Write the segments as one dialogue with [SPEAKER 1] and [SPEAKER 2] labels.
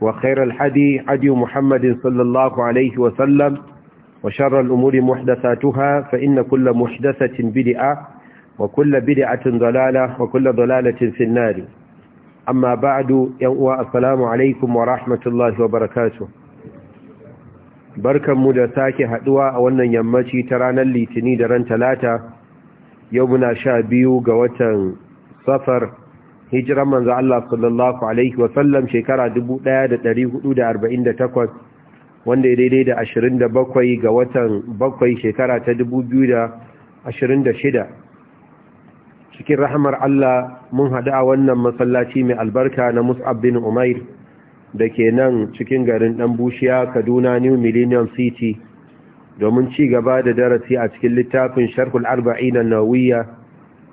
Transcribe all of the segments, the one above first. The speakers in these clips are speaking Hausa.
[SPEAKER 1] وخير الحدي حدي محمد صلى الله عليه وسلم وشر الأمور محدثاتها فإن كل محدثة بدعة وكل بدعة ضلالة وكل ضلالة في النار أما بعد يوم السلام عليكم ورحمة الله وبركاته barkan mu da sake haduwa a wannan yammaci ta ranar litini da ran talata yau muna sha biyu ga watan safar hijiran manzo Allah sallallahu alaihi wasallam shekara 1448 wanda ya daidai da 27 ga watan bakwai shekara ta 2026 cikin rahamar Allah mun haɗu a wannan masallaci mai albarka na Mus'ab bin Umair da ke nan cikin garin ɗan bushiya Kaduna New Millennium City domin ci gaba da darasi a cikin littafin Sharhul Arba'in an-Nawawiyya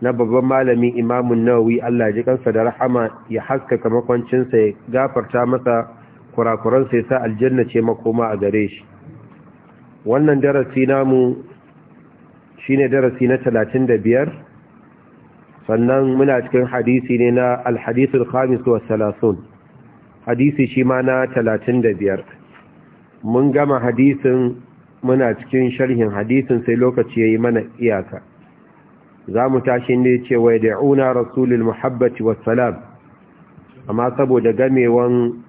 [SPEAKER 1] na babban malami imamun nawawi Allah ji kansa da rahama ya haskaka makwancinsa ya gafarta masa kurakuransa ya sa aljanna ce makoma a gare shi wannan darasi namu shine darasi na talatin sannan muna cikin hadisi ne na alhadisul khamis wa salasun hadisi shi ma na talatin da biyar mun gama hadisin muna cikin sharhin hadisin sai lokaci ya yi mana iyaka za mu tashi ne ce wai da una rasulul muhabbati wassalam amma saboda gamewan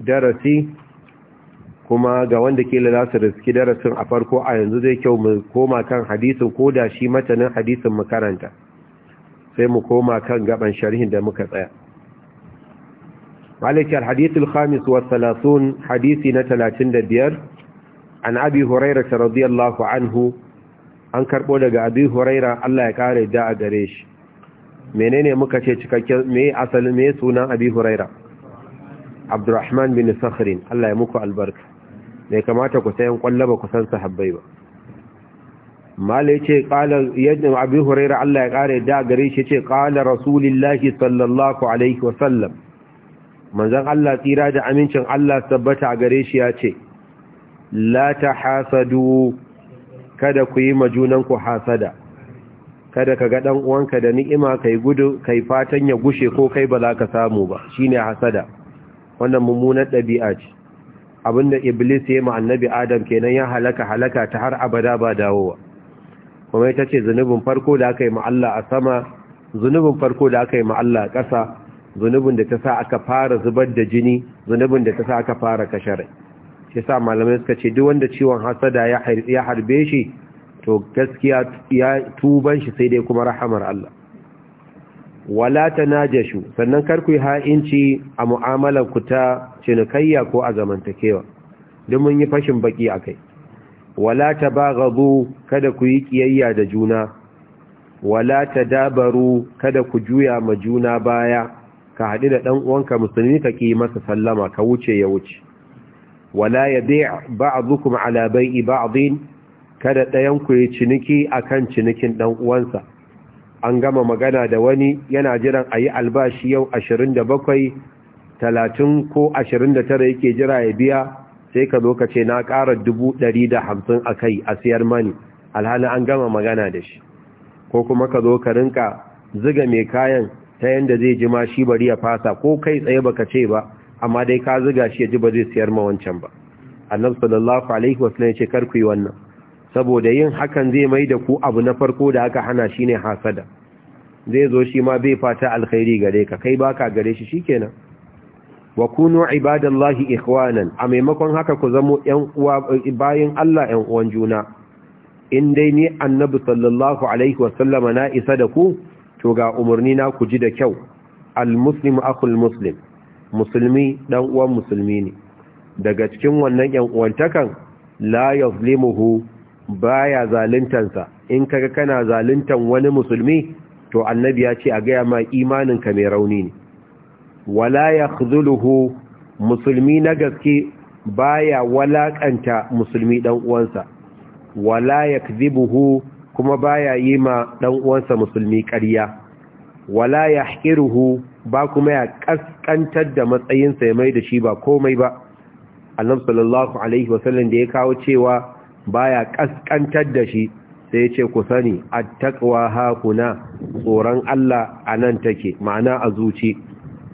[SPEAKER 1] darasi kuma ga wanda ke lalasa su riski darasin a farko a yanzu zai kyau mu koma kan hadisin ko da shi matanin hadisin mu karanta sai mu koma kan gaban sharhin da muka tsaya مالك الحديث الخامس والثلاثون حديثنا ثلاثين دبير عن أبي هريرة رضي الله عنه an karbo daga abi huraira Allah ya kare da a gare shi menene muka ce cikakken me asalin me sunan abi huraira abdurrahman bin sakhrin Allah ya muku albarka Me kamata ku sayan kullaba ku san sahabbai ba malai ce qala yadda abi huraira Allah ya kare da a gare shi ce qala rasulullahi sallallahu alaihi wa sallam manzon Allah tsira da amincin Allah tabbata a gare shi ya ce la tahasadu kada ku yi majunanku hasada kada ka ga ɗan uwanka da ni'ima kai gudu kai fatan ya gushe ko kai ba za ka samu ba shine hasada wannan mummunar dabi'a ce abinda iblis ya ma annabi adam kenan ya halaka halaka ta har abada ba dawowa kuma ita ce zunubin farko da aka yi ma Allah a sama zunubin farko da aka yi ma Allah a ƙasa zunubin da ta sa aka fara zubar da jini zunubin da ta sa aka fara kashe rai shi sa malamai suka ce duk wanda ciwon hasada ya harbe shi to gaskiya ya tuban shi sai dai kuma rahamar Allah wala tanajashu sannan kar ku ha'inci a mu'amalar ku ta cinikayya ko a zamantakewa duk mun yi fashin baki akai wala rabu kada ku yi kiyayya da juna wala dabaru kada ku juya ma juna baya ka haɗu da ɗan uwanka musulmi ka ƙi masa sallama ka wuce ya wuce wala ya yabi' ba'dukum ala bai'i ba'din kada ɗayan ku yi ciniki akan cinikin dan uwansa an gama magana da wani yana jiran a yi albashi yau 27 30 ko 29 yake jira ya biya sai ka zo ka ce na ƙara 150 akai a siyar mani alhali an gama magana da shi ko kuma ka zo ka rinka ziga mai kayan ta yanda zai ji ma shi bari ya fasa ko kai tsaye baka ce ba amma dai ka ziga shi ya ji ba zai siyar ma wancan ba annabi sallallahu alaihi wasallam ya ce kar ku yi wannan saboda yin hakan zai mai da ku abu na farko da aka hana shine hasada zai zo shi ma bai fata alkhairi gare ka kai baka gare shi shikenan wa kunu ibadallahi ikhwanan a maimakon haka ku zamo yan uwa bayin Allah yan uwan juna in dai ni annabi sallallahu alaihi wasallama na isa da ku to ga umarni na ku ji da kyau al muslim akhul musulmi dan uwan musulmi ne daga cikin wannan yan uwantakan la yuzlimuhu baya zaluntansa in kaga kana zaluntan wani musulmi to annabi ya ce a gaya ma ka mai rauni ne wala yakhzuluhu musulmi na gaske baya walakanta musulmi dan uwansa wala yakdhibuhu kuma baya yi ma dan uwansa musulmi ƙarya wala ya hiruhu ba kuma ya ƙasƙantar da matsayinsa ya mai da shi ba komai ba annabi sallallahu alaihi wasallam da ya kawo cewa baya ƙasƙantar da shi sai ya ce ku sani attaqwa hakuna tsoron Allah anan take ma'ana a zuci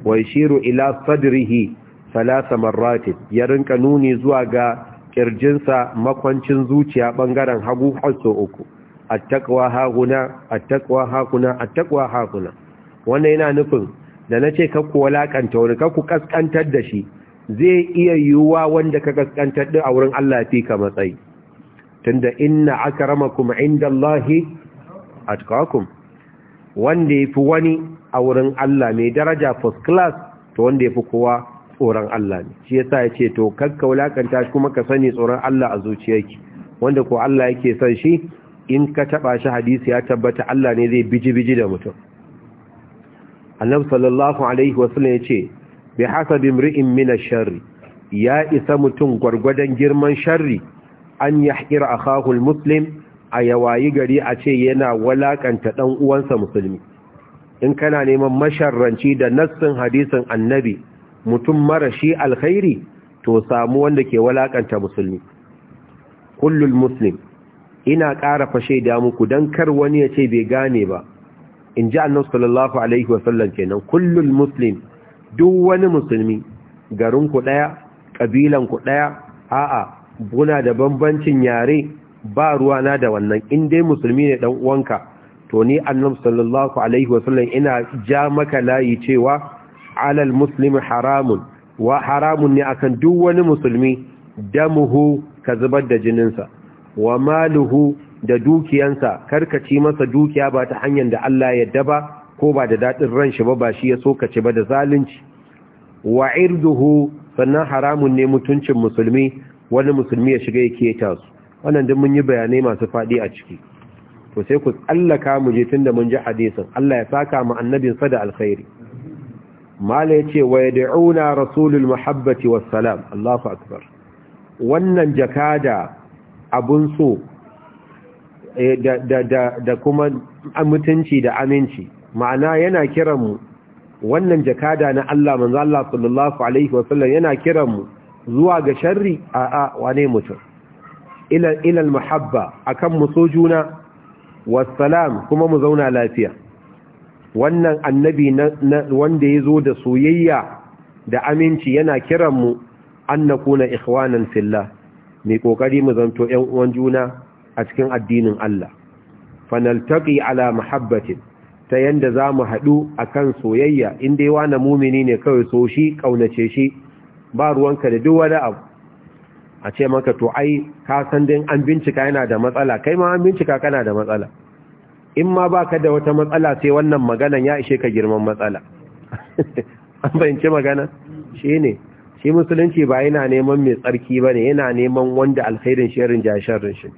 [SPEAKER 1] wa yashiru ila sadrihi thalatha marrat ya rinka nuni zuwa ga kirjinsa makwancin zuciya bangaren hagu hasso uku attaqwa hakuna attaqwa hakuna attaqwa hakuna wannan yana nufin da na ce kakku walakanta wani kakku kaskantar da shi zai iya yiwuwa wanda ka kaskantar da a wurin Allah fi ka matsayi tunda inna akramakum indallahi atqakum wanda yafi wani a wurin Allah mai daraja first class to wanda yafi kowa tsoron Allah ne shi yasa ce to kakka walakanta shi kuma ka sani tsoron Allah a zuciyarki wanda ko Allah yake son shi in ka taba shi hadisi ya tabbata Allah ne zai biji biji da mutum annabi sallallahu alaihi wasallam ya ce bi hasabi imri'in min ash-sharri ya isa mutum gwargwadon girman sharri an yahqira akahu al-muslim a yawayi gari a ce yana walakanta dan uwansa musulmi in kana neman masharranci da nassin hadisin annabi mutum mara shi alkhairi to samu wanda ke walakanta musulmi kullul muslim ina ƙara fashe da muku don kar wani ya ce bai gane ba in ji annabi sallallahu alaihi wasallam kenan kullum muslim duk wani musulmi garin ku daya kabilan ku daya a'a buna da bambancin yare ba ruwana da wannan in dai musulmi ne ɗan uwanka to ni annabi sallallahu alaihi wasallam ina ja maka layi cewa alal muslim haramun wa haramun ne akan duk wani musulmi damuhu ka zubar da jininsa wa maluhu da dukiyansa karkaci masa dukiya ba ta hanyar da Allah yadda ba ko ba da daɗin ran shi ba ba shi ya so ka ci ba da zalunci wa irduhu sannan haramun ne mutuncin musulmi wani musulmi ya shiga ya keta su wannan duk mun yi bayanai masu faɗi a ciki to sai ku tsallaka mu je tunda mun ji hadisin Allah ya saka mu annabi sa da alkhairi mala yace wa yad'una rasulul muhabbati salam? Allahu akbar wannan jakada abun so Eh, da kuma mutunci da aminci ma'ana yana kiranmu wannan jakada na Allah manzo Allah sallallahu alaihi wasallam yana kiranmu zuwa ga sharri a a wane mutum ila ila almuhabba akan mu so juna wassalam kuma mu zauna lafiya wannan annabi wanda yazo da soyayya da aminci yana kiranmu mu annakuna ikhwanan fillah mai kokari mu zanto ƴan uwan juna a cikin addinin Allah fanaltaki ala mahabbatin ta yanda za mu haɗu a kan soyayya inda yawa na mumini ne kawai so shi ƙaunace shi ba ruwanka da duk wani abu a ce maka to ai ka san din an bincika yana da matsala kai ma an bincika kana da matsala in ma baka da wata matsala sai wannan maganan ya ishe ka girman matsala an bayanci magana shi ne shi musulunci ba yana neman mai tsarki ba ne yana neman wanda alkhairin shirin jasharrin shi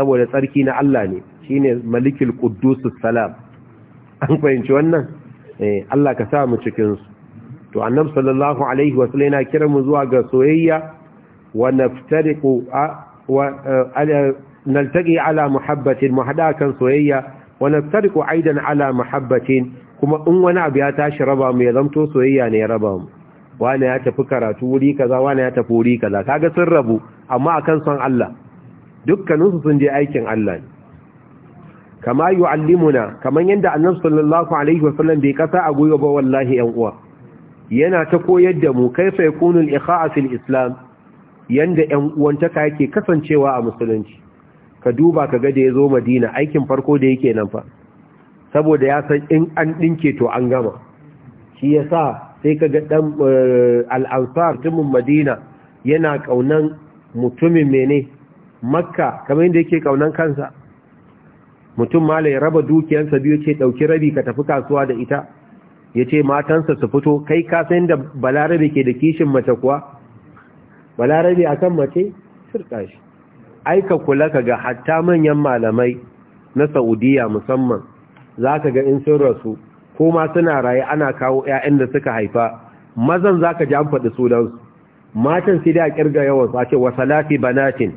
[SPEAKER 1] saboda tsarki na Allah ne shine malikul quddusus salam an fahimci wannan eh Allah ka sa mu cikin su to annab sallallahu alaihi wasallam yana kira mu zuwa ga soyayya wa naftariqu wa eh, naltaqi ala muhabbatin muhadakan soyayya wa naftariqu aidan ala muhabbatin kuma in wani abu ya tashi raba mu ya zanto soyayya ne ya raba mu wani ya tafi karatu wuri kaza wani ya tafi wuri kaza kaga sun rabu amma akan son Allah dukkaninsu sun je aikin Allah ne kama yu'allimuna kamar yadda annabi sallallahu alaihi wasallam bai kasa a gwiwa ba wallahi yan uwa yana ta koyar da mu kaifa yakunu al-ikha'a islam yadda yan uwantaka yake kasancewa a musulunci ka duba ka ga da yazo madina aikin farko da yake nan fa saboda ya san in an dinke to an gama shi yasa sai ka ga dan eh, al-ansar madina yana kaunan mutumin mene makka kamar yadda yake kaunan kansa mutum malai ya raba dukiyansa biyu ce ɗauki rabi ka tafi kasuwa da ita ya ce matansa su fito kai ka san da balarabe ke da kishin mace kuwa balarabe a mace shirka shi aika kula ka ga hatta manyan malamai na saudiya musamman za ka ga in sun rasu ko ma suna raye ana kawo 'ya'yan da suka haifa mazan za ka ji an faɗi sunansu matan sai da a ƙirga yawan sace wa banatin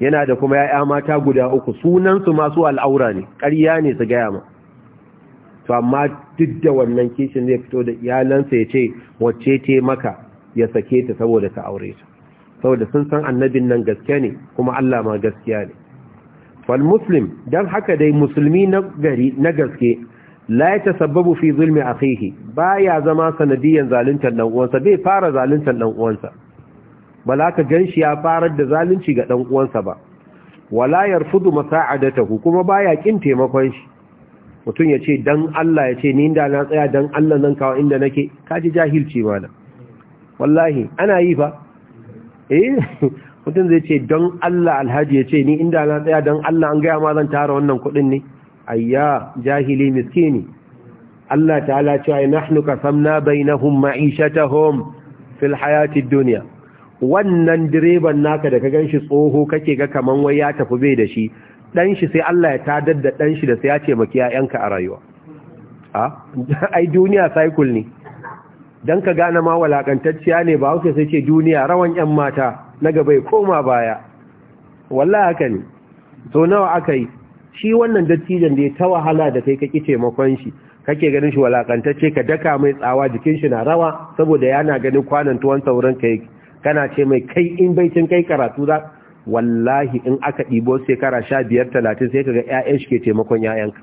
[SPEAKER 1] yana da kuma ya'ya mata guda uku sunansu masu al'aura ne ƙarya ne su gaya ma to amma duk da wannan kishin zai fito da iyalansa ya ce wacce te maka ya sake ta saboda ta aure ta saboda sun san annabin nan gaske ne kuma Allah ma gaskiya ne fal muslim dan haka dai musulmi na gari na gaske la ya tasabbabu fi zulmi akhihi baya zama sanadiyan zaluntar dan uwansa bai fara zaluntar dan uwansa ba ka gan shi ya farar da zalunci ga ɗan'uwansa uwansa ba wala yarfudu masa'adatahu kuma ba ya kin taimakon shi mutum ya ce dan Allah ya ce ni inda na tsaya dan Allah nan kawo inda nake kaji jahilci mana wallahi ana yi fa eh mutum zai ce don Allah alhaji ya ce ni inda na tsaya don Allah an gaya ma zan tara wannan kuɗin ne ayya jahili miskini Allah ta'ala cewa nahnu qasamna bainahum ma'ishatahum fil hayatid dunya wannan direban naka da ka gan shi tsoho kake ga kaman wai ya tafi bai da shi dan shi sai Allah ya tadar da dan shi da sai ya ce maki yayanka a rayuwa a ai duniya cycle ne dan ka gane ma walakantacciya ne ba hausa sai ce duniya rawan yan mata na gaba ya koma baya wallahi haka ne so nawa aka yi shi wannan dattijan da ya ta wahala da kai kake taimakon shi kake ganin shi walakantacce ka daka mai tsawa jikin shi na rawa saboda yana ganin kwanan tuwon sauran ka yake kana ce mai kai in baitin kai karatu za wallahi in aka ɗibo shekara sha biyar talatin sai kaga ‘ya'yan shi ke taimakon ‘ya'yanka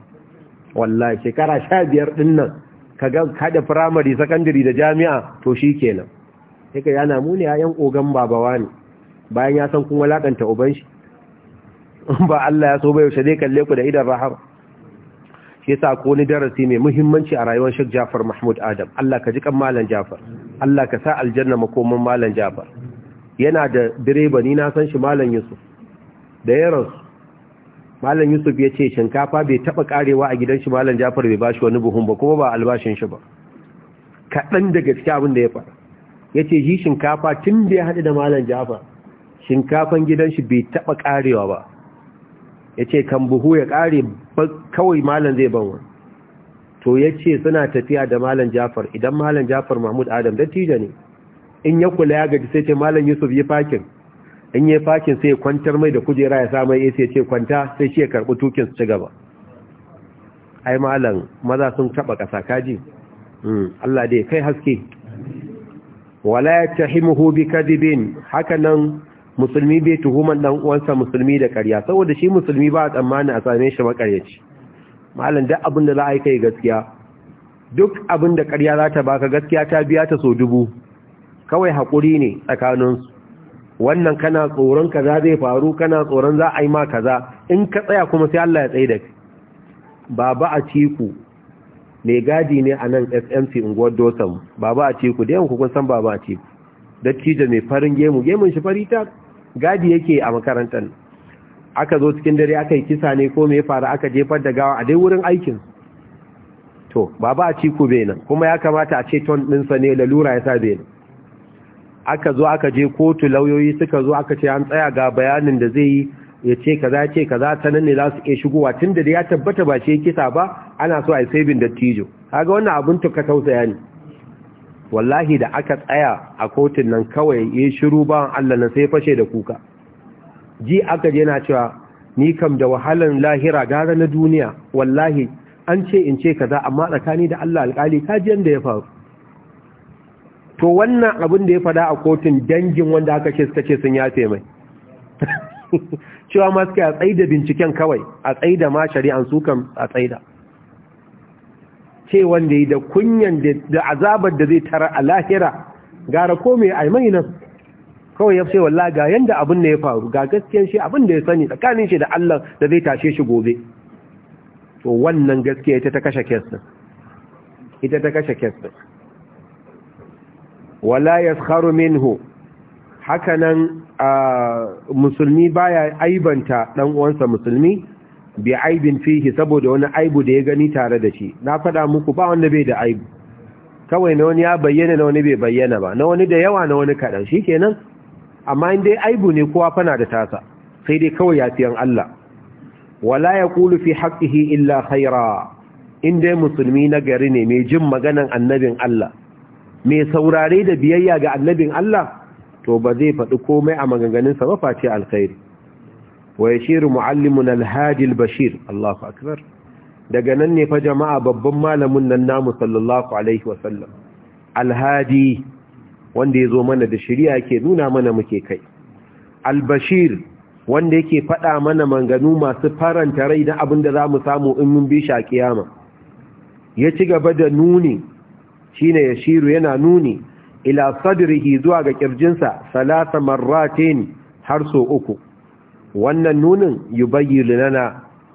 [SPEAKER 1] wallahi shekara sha biyar ɗin nan ka ga kada firamare sakandare da jami'a to shi kenan sai ka yana muni ‘ya'yan ogan babawa ne bayan ya san kuma laƙanta uban shi ba Allah ya so bai yaushe zai kalle ku da idan rahama shi yasa ko ni darasi mai muhimmanci a rayuwar Sheikh Jafar Mahmud Adam Allah ka ji kan Malam Jafar Allah ka sa aljanna makoman Malam Jafar yana da direba ni na san shi Malam Yusuf da ya rasu Malam Yusuf ya ce shinkafa bai taba karewa a gidan shi Malam Jafar bai bashi wani buhun ba kuma ba albashin shi ba kaɗan daga cikin abin da ya faɗa ya ce shi shinkafa tun da ya haɗu da Malam Jafar shinkafan gidan shi bai taba karewa ba ya ce kan buhu ya ƙare kawai malam zai banwa to ya ce suna tafiya da malam jafar idan malam jafar mahmud adam dattijo ne in ya kula ya gaji sai ce malam yusuf yi fakin in yi fakin sai kwantar mai da kujera ya samu ya sai ce kwanta sai shi ya karɓi tukin su ci gaba ai malam maza sun taɓa ƙasa kaji hmm, Allah dai kai haske wala ya tahimuhu bi kadibin haka nan musulmi bai tuhumar dan uwansa musulmi da ƙarya saboda shi musulmi ba a tsammani a same shi makaryaci malam duk abin da za a yi kai gaskiya duk abin da ƙarya za ta baka gaskiya ta biya ta so dubu kawai haƙuri ne tsakaninsu wannan kana tsoron kaza zai faru kana tsoron za a yi ma kaza in ka tsaya kuma sai Allah ya tsaye da baba a ciku mai gadi ne a nan smc unguwar dosan baba a ciku da yawan kun san baba a ciku dattijo mai farin gemu gemun shi fari ta gadi yake a makarantar aka zo cikin dare aka yi kisa ne ko me faru aka jefar da gawa a dai wurin aikin to ba a ciko benin kuma ya kamata a ce ton ɗinsa ne lalura ya sa benin aka zo aka je kotu lauyoyi suka zo aka ce an tsaya ga bayanin da zai yi ya ce kaza ce kaza ta nan ne za su iya shigowa tun da ya tabbata ba shi kisa ba ana so a yi sabin dattijo kaga wannan abin tuka tausaya ne wallahi da aka tsaya a kotun nan kawai ya shiru ba Allah na sai fashe da kuka ji aka je na cewa ni kam da wahalan lahira gara na duniya wallahi an ce in ce kaza amma tsakani da Allah alƙali ka ji yanda ya faru to wannan abin da ya fada a kotun dangin wanda aka ce suka ce sun yafe mai cewa ma suka a tsaida binciken kawai a tsaida ma shari'an su kam a tsaida ce wanda yi da kunyan da azabar da zai tara a lahira gara ko mai aimai nan kawai ya ce walla ga yadda abin da ya faru ga gaskiyan shi abin da ya sani tsakanin shi da Allah da zai tashe shi gobe to wannan gaskiya ita ta kashe kyasta ita ta kashe kyasta wala tsaro minhu hakanan ah, musulmi baya aibanta dan uwansa musulmi bi aibin fihi saboda wani aibu da ya gani tare da shi na faɗa muku ba wanda bai da aibu kawai na wani ya bayyana na wani bai bayyana ba na wani da yawa na wani kaɗan shi kenan amma in dai aibu ne kowa fana da tasa sai dai kawai ya yafiyan Allah wala ya kulu fi haƙihi illa khaira in dai musulmi na gari ne mai jin maganan annabin Allah mai saurare da biyayya ga annabin Allah to ba zai faɗi komai a maganganunsa ba face alkhairi wa yashiru muallimun al-hadi al-bashir Allahu akbar daga nan ne fa jama'a babban malamin nan namu sallallahu alaihi wasallam al-hadi wanda yazo mana da shari'a yake nuna mana muke kai al-bashir wanda yake faɗa mana manganu masu faranta rai na abin da za mu samu in mun bi shi a kiyama ya ci gaba da nuni shine yashiru yana nuni ila sadrihi zuwa ga kirjinsa salasa marratin har so uku wannan nunin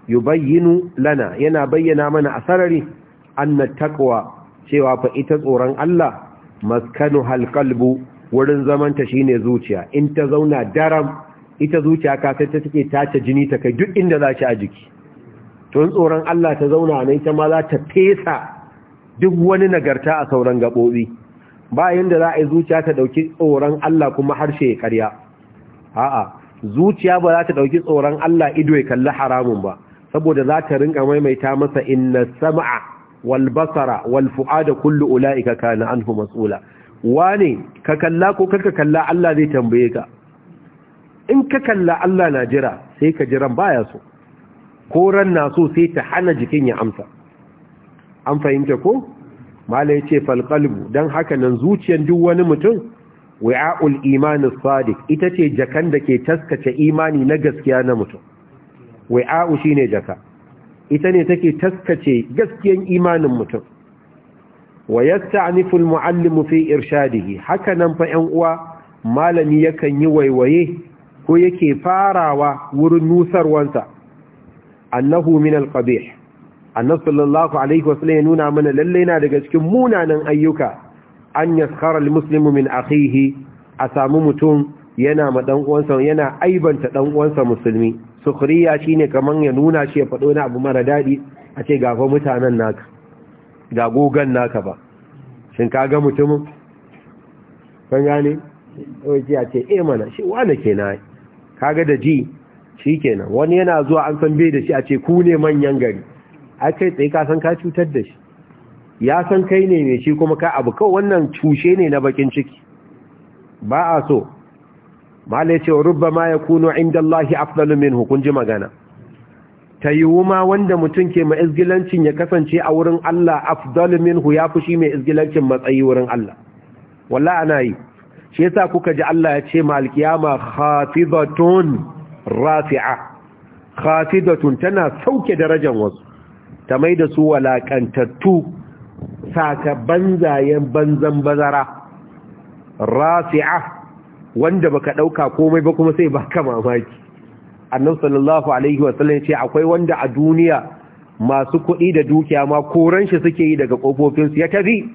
[SPEAKER 1] yubayyinu lana yana bayyana mana a sarari na takwa cewa fa ita tsoron Allah maskanu Halkalbu wurin zamanta shi ne zuciya in ta zauna daram ita zuciya ka ta take tace jini ta kai duk inda za a jiki tun tsoron Allah ta zauna a ita ma za ta fesa duk wani nagarta a sauran gabobi bayan da za a yi zuciya ta ɗauki tsoron Allah kuma harshe ya karya a'a zuciya ba za ta dauki tsoron Allah ido ya kalli haramun ba saboda za ta rinka maimaita masa inna sam'a wal basara wal fu'ada kullu ulaika kana anhu mas'ula wani ka kalla ko karka kalla Allah zai tambaye ka in ka kalla Allah na jira sai ka jiran baya so ko ran na so sai ta hana jikin ya amsa an fahimta ko mala yace fal qalbu dan haka nan zuciyar duk wani mutum wi'a'ul imanin sadiq ita ce jakan da ke taskace imani na gaskiya na mutum wi'a'u shine jaka ita ne take taskace gaskiyan imanin mutum wa yasta'nifu al-mu'allimu fi irshadihi haka nan fa 'yan uwa malami yakan yi waiwaye ko yake farawa wurin nusarwansa annahu min al-qabih annabi sallallahu alaihi wasallam ya nuna mana lalle yana daga cikin munanan ayyuka an yaskara muslimu min akhihi a samu mutum yana ma dan uwansa yana aibanta dan uwansa musulmi sukhriya shine kaman ya nuna shi ya fado na abu mara dadi a ce ga mutanen naka ga gogan naka ba shin ka ga mutumin kan gane oji a ce eh mana shi wani kenan kaga da ji shikenan wani yana zuwa an san bai da shi a ce ku ne manyan gari a kai tsaye ka san ka cutar da shi ya san kai ne mai shi kuma ka abu kawai wannan cushe ne na bakin ciki ba a so mala ce rubba ma ya kuno inda Allahi afdalu minhu kun ji magana ta yi wuma wanda mutum ke mai izgilancin ya kasance a wurin Allah afdalu minhu ya fushi mai izgilancin matsayi wurin Allah walla ana yi shi yasa kuka ji Allah ya ce malkiyama alkiyama khafidatun rafi'a khafidatun tana sauke darajar wasu ta mai da su walakantattu saka banzayen banzan bazara rafi'a wanda baka dauka komai ba kuma sai baka mamaki annabi sallallahu alaihi wasallam ya ce akwai wanda a duniya masu kuɗi da dukiya ma koran shi suke yi daga kofofinsu ya tafi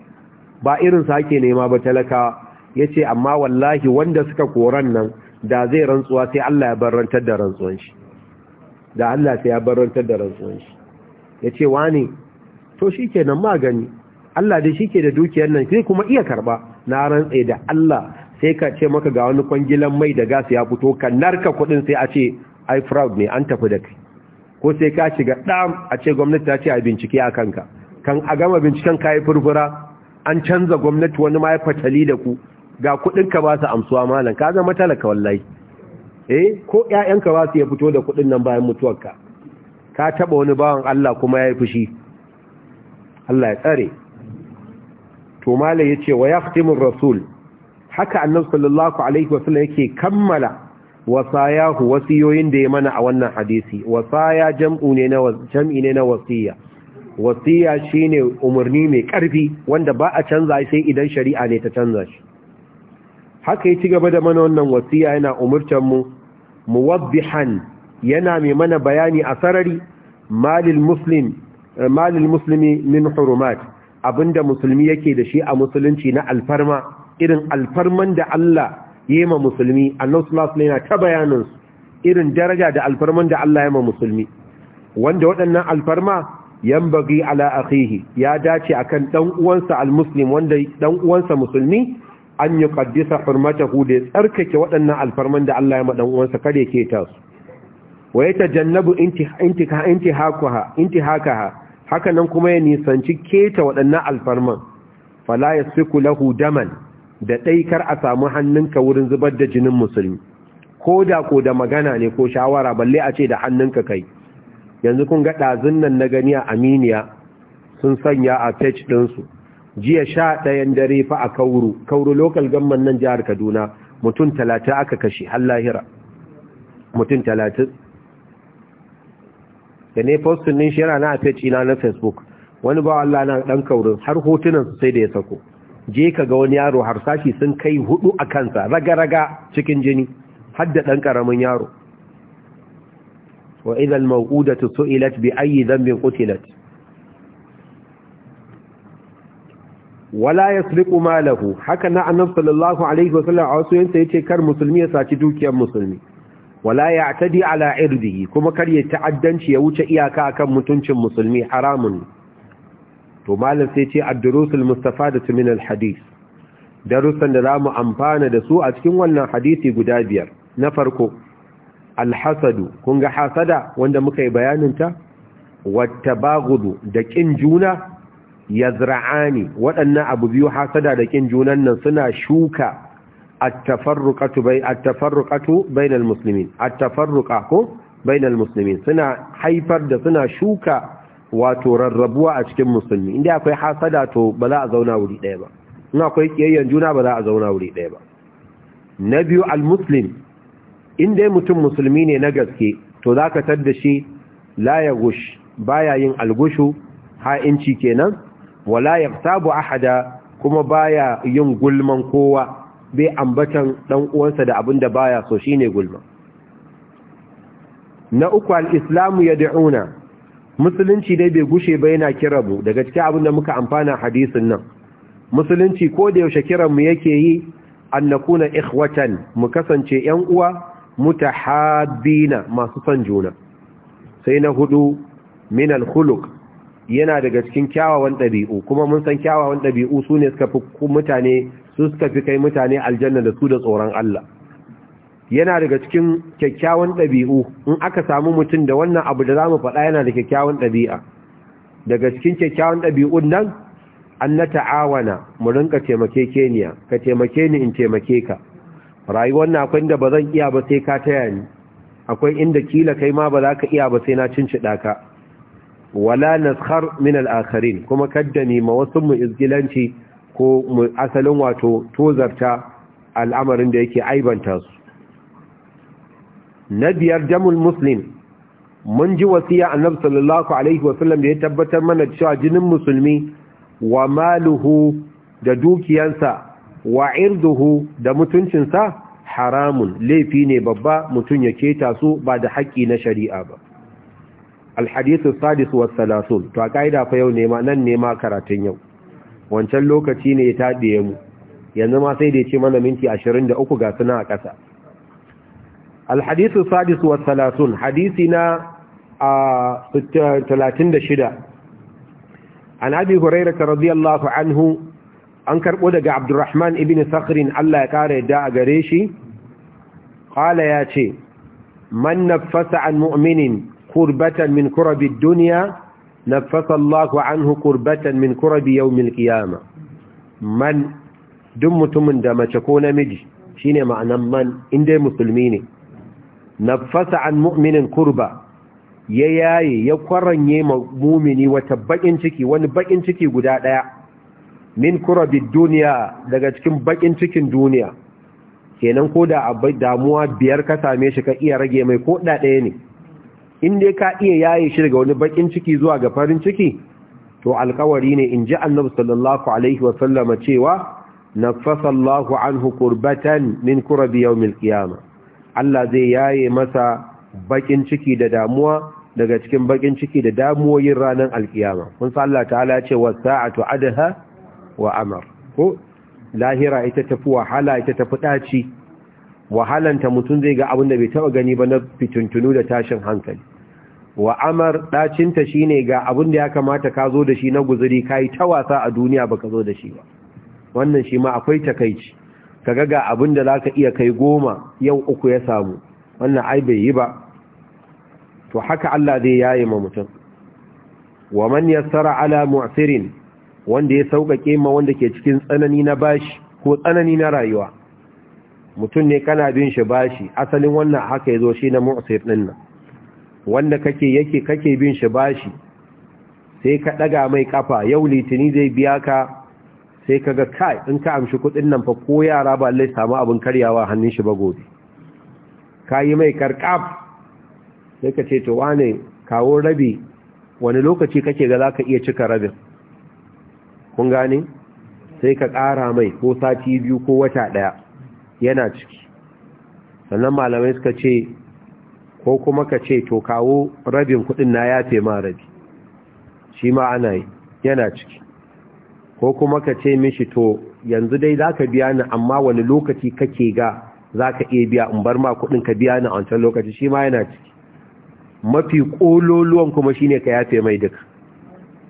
[SPEAKER 1] ba irin sa ake nema ba talakawa yace amma wallahi wanda suka koran nan da zai rantsuwa sai Allah ya barantar da rantsuwan shi da Allah sai ya barantar da rantsuwan shi yace wani to shi kenan magani Allah dai shi ke da dukiyar nan sai kuma iya karba na rantse da Allah sai ka ce maka ga wani kwangilan mai da gas ya fito ka narka kudin sai a ce ai fraud ne an tafi da kai ko sai ka shiga dam a ce gwamnati ta ce a bincike a kanka kan a gama binciken yi furfura an canza gwamnati wani ma fatali da ku ga kudin ka ba su amsuwa malam ka zama talaka wallahi eh ko ƴaƴanka ba su ya fito da kudin nan bayan mutuwarka ka taba wani bawan Allah kuma ya yi fushi Allah ya tsare to malai yace wa yaftimur rasul haka annabi sallallahu alaihi wasallam yake kammala wasayahu wasiyoyin da ya mana a wannan hadisi wasaya jam'u ne na jam'i ne na wasiya wasiya shine umarni mai karfi wanda ba a canza sai idan shari'a ne ta canza shi haka ya ci gaba da mana wannan wasiya yana umurtan mu muwaddihan yana mai mana bayani a sarari malil muslim malil muslimi min hurumat abinda musulmi yake da shi a musulunci na alfarma irin alfarman da Allah ya yi ma musulmi annabi sallallahu alaihi wasallam ta bayanin irin daraja da alfarman da Allah ya ma musulmi wanda waɗannan alfarma yambagi ala akhihi ya dace akan dan uwansa almuslim wanda dan uwansa musulmi an yi yuqaddisa hurmatahu da tsarkake waɗannan alfarman da Allah ya ma dan uwansa kada ya ta su inti yatajannabu inti intihakaha haka nan kuma ya nisanci keta waɗannan alfarman fala ya siku lahu daman da ɗaikar a samu hannunka wurin zubar da jinin musulmi ko da ko da magana ne ko shawara balle a ce da hannunka kai yanzu kun ga ɗazun nan na gani a aminiya sun sanya a page ɗinsu jiya sha ɗayan dare fa a kauru kauru lokal gamman nan jihar kaduna mutum talatin aka kashe hallahira mutum talatin da ne postin din shi yana na page ina na facebook wani ba Allah na dan kaurin har hotunan su sai da ya sako je ka ga wani yaro har sashi sun kai hudu a kansa raga raga cikin jini har da dan karamin yaro wa idha al-maw'udatu su'ilat bi ayyi dhanbin qutilat wala yasriqu malahu haka na annabi sallallahu alaihi wasallam a wasu yanta yace kar musulmi ya saci dukiyar musulmi wala ya'tadi ala irdihi kuma kar ya ta'addanci ya wuce iyaka akan mutuncin musulmi haramun to malam sai ce ad-durusul mustafadatu min al-hadith darussan da zamu amfana da su a cikin wannan hadisi guda biyar na farko al-hasadu kun ga hasada wanda muka yi bayanin ta wattabagudu da kin juna yazra'ani waɗannan abu biyu hasada da kin junan nan suna shuka at-tafarruqatu bay at ko bainal suna haifar da suna shuka wato rarrabuwa a cikin musulmi inda akwai hasada to ba za a zauna wuri ɗaya ba in akwai kiyayyen juna ba za a zauna wuri ɗaya ba Nabiyu biyu al-muslim inda mutum musulmi ne na gaske to za ka tadda shi la ya baya yin algushu ha'inci kenan wala yaqtabu ahada kuma baya yin gulman kowa bai ambatan dan uwansa da abin da baya so shine gulma na uku al-islamu yad'una musulunci dai bai gushe ba yana mu daga cikin abin da muka amfana hadisin nan musulunci ko da yaushe kiran mu yake yi an nakuna ikhwatan mu kasance yan uwa mutahabbina masu son juna sai na hudu min al-khuluq yana daga cikin kyawawan ɗabi'u kuma mun san kyawawan ɗabi'u sune suka fi mutane su suka fi kai mutane aljanna da su da tsoron Allah yana daga cikin kyakkyawan ɗabi'u in aka samu mutum da wannan abu da zamu faɗa yana da kyakkyawan ɗabi'a daga cikin kyakkyawan ɗabi'un nan an na ta'awana mu rinka taimake keniya ka taimake ni in taimake ka rayuwar na akwai inda ba zan iya ba sai ka taya ni akwai inda kila kai ma ba za ka iya ba sai na cincida ka wala naskhar min al-akharin kuma kaddani ma wasu mu izgilanci ko asalin wato tozarta al'amarin da yake aibanta su na biyar Jamul muslim mun ji wasiya annabi sallallahu alaihi wasallam da ya tabbatar mana cewa jinin musulmi wa maluhu da dukiyansa wa irduhu da mutuncinsa haramun laifi ne babba mutum ya keta su ba da haƙƙi na shari'a ba alhadithu sadis wa salasun to a ƙa'ida fa yau nema nan nema karatun yau wancan lokaci ne ya taɗiye mu yanzu ma sai da ya ce mana minti ashirin da uku ga suna a ƙasa alhadisu sadis wa salasun hadisi na a talatin da shida an abi hurairata radiyallahu anhu an karɓo daga abdurrahman ibn sakhrin allah ya ƙara yadda a gare shi ƙala ya ce man nafasa an mu'minin kurbatan min kurabi duniya nafasa Allahu anhu qurbatan min kurabi yawmil qiyama man duk mutumin da mace ko namiji shine ma'anan man inda musulmi ne nafasa an mu'minin kurba ya yaye ya kwaranye mumini wata baƙin ciki wani baƙin ciki guda daya min kurabi duniya daga cikin baƙin cikin duniya kenan ko da damuwa biyar ka same shi ka iya rage mai ko da ne in ka iya yaye shi daga wani bakin ciki zuwa ga farin ciki to alkawari ne in ji annabi sallallahu alaihi wa sallama cewa nafasa Allahu anhu kurbatan min kurabi yawmil qiyama Allah zai yaye masa bakin ciki da damuwa daga cikin bakin ciki da damuwoyin ranar alkiyama kun san Allah ta'ala ce wa sa'atu adaha wa amr ko lahira ita tafi wahala ita tafi daci wahalanta mutum zai ga abin da bai taba gani ba na fitintunu da tashin hankali wa amar dacinta shine ga abin da ya kamata ka zo da shi na guzuri kai ta wasa a duniya baka zo da shi ba wannan shi ma akwai takaici kaga ga abin da zaka iya kai goma yau uku ya samu wannan ai bai yi ba to haka Allah zai yaye ma mutum wa man yassara ala mu'sirin wanda ya sauƙaƙe ma wanda ke cikin tsanani na bashi ko tsanani na rayuwa mutum ne kana bin shi bashi asalin wannan haka ya zo shi na mu'sir din nan wanda kake yake kake bin shi bashi sai ka ɗaga mai kafa yau litini zai biya ka sai kaga kai in ka amshi kudin nan fa ko yara ba Allah samu abin karyawa hannun shi ba gobe kayi mai karkaf sai ka ce to wane kawo rabi wani lokaci kake ga zaka iya cika rabin kun gane sai ka ƙara mai ko sati biyu ko wata ɗaya yana ciki sannan malamai suka ce ko kuma ka ce to kawo rabin kudin na ya ma rabi shi ma ana yana ciki ko kuma ka ce mishi to yanzu dai za ka biya ni amma wani lokaci kake ga za ka iya biya in bar ma kudin ka biya ni a wancan lokaci shi ma yana ciki mafi kololuwan kuma shi ne ka yafe mai duka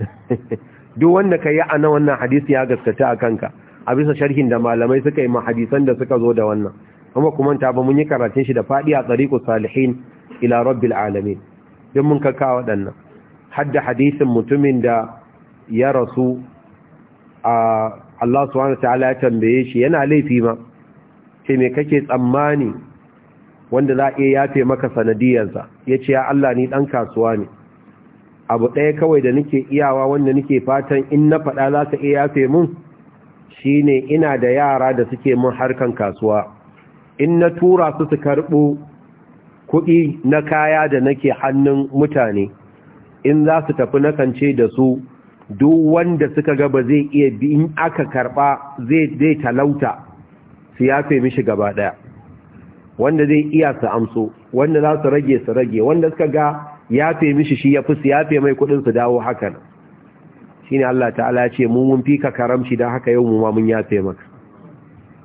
[SPEAKER 1] duk wanda ka yi a wannan hadisi ya gaskata a kanka a bisa sharhin da malamai suka yi mahadisan da suka zo da wannan kuma kuma ta ba mun yi karatun shi da faɗi a tsariku salihin ila rabbil alamin don mun kaka waɗannan hadda hadisin mutumin da ya rasu a Allah subhanahu ta'ala ya tambaye shi yana laifi ma ce me kake tsammani wanda za a iya yafe maka sanadiyarsa ya ce ya Allah ni dan kasuwa ne abu ɗaya kawai da nake iyawa wanda nake fatan in na faɗa za ka iya yafe mun Shi ne ina da yara da suke mun harkan kasuwa in na tura su su karɓo kuɗi na kaya da nake hannun mutane in za su tafi na kance da su duk wanda suka gaba zai iya bi in aka karɓa zai talauta su yafe mishi gaba ɗaya wanda zai iya su amso wanda za su rage su rage wanda suka ga yafe mishi shi ya fi su yafe mai kuɗin su dawo hakan Shi ne Allah ta'ala ya ce mu mun fika karamci don haka yau mu ma mun maka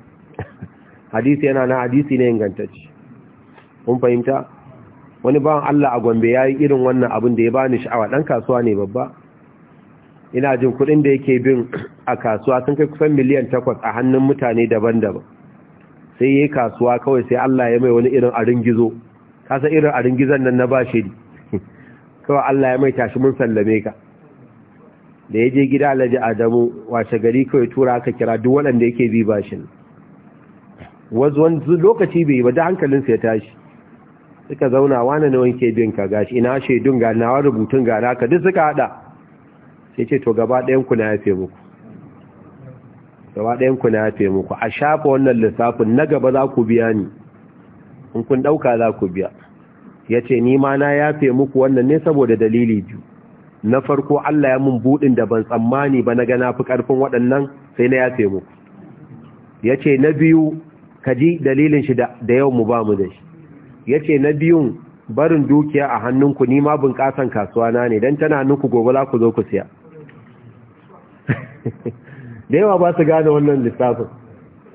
[SPEAKER 1] hadisi yana na hadisi ne ingantacci, kun fahimta wani bawan Allah a Gombe yi irin wannan abin da ya bani sha'awa Ɗan kasuwa ne babba ina jin kuɗin da yake bin a kasuwa sun kai kusan miliyan takwas a hannun mutane daban-daban sai yi kasuwa kawai sai Allah ya mai wani irin arin gizo kasa irin arin gizon nan na bashi kawai Allah ya mai tashi mun sallame ka da ya je gida alhaji adamu wace gari kawai tura aka kira duk waɗanda yake bi bashin wanzu lokaci bai yi ba da hankalinsa ya tashi suka zauna wane ne wanke bin ka gashi ina shaidun ga nawa rubutun ga naka duk suka hada sai ce to gaba ɗayan ku na yafe muku gaba ɗayan ku na yafe muku a shafa wannan lissafin na gaba za ku biya ni in kun ɗauka za ku biya ya ce ni ma na yafe muku wannan ne saboda dalili biyu na farko Allah ya mun budin da ban tsammani ba na gana fi karfin waɗannan sai na ce mu ce na biyu ka ji dalilin shi da yau mu ba mu da shi Ya ce na biyun barin dukiya a hannunku ni ma bunƙasan kasuwa na ne don tana nuku gobe za ku zo ku siya da yawa ba su gane wannan lissafin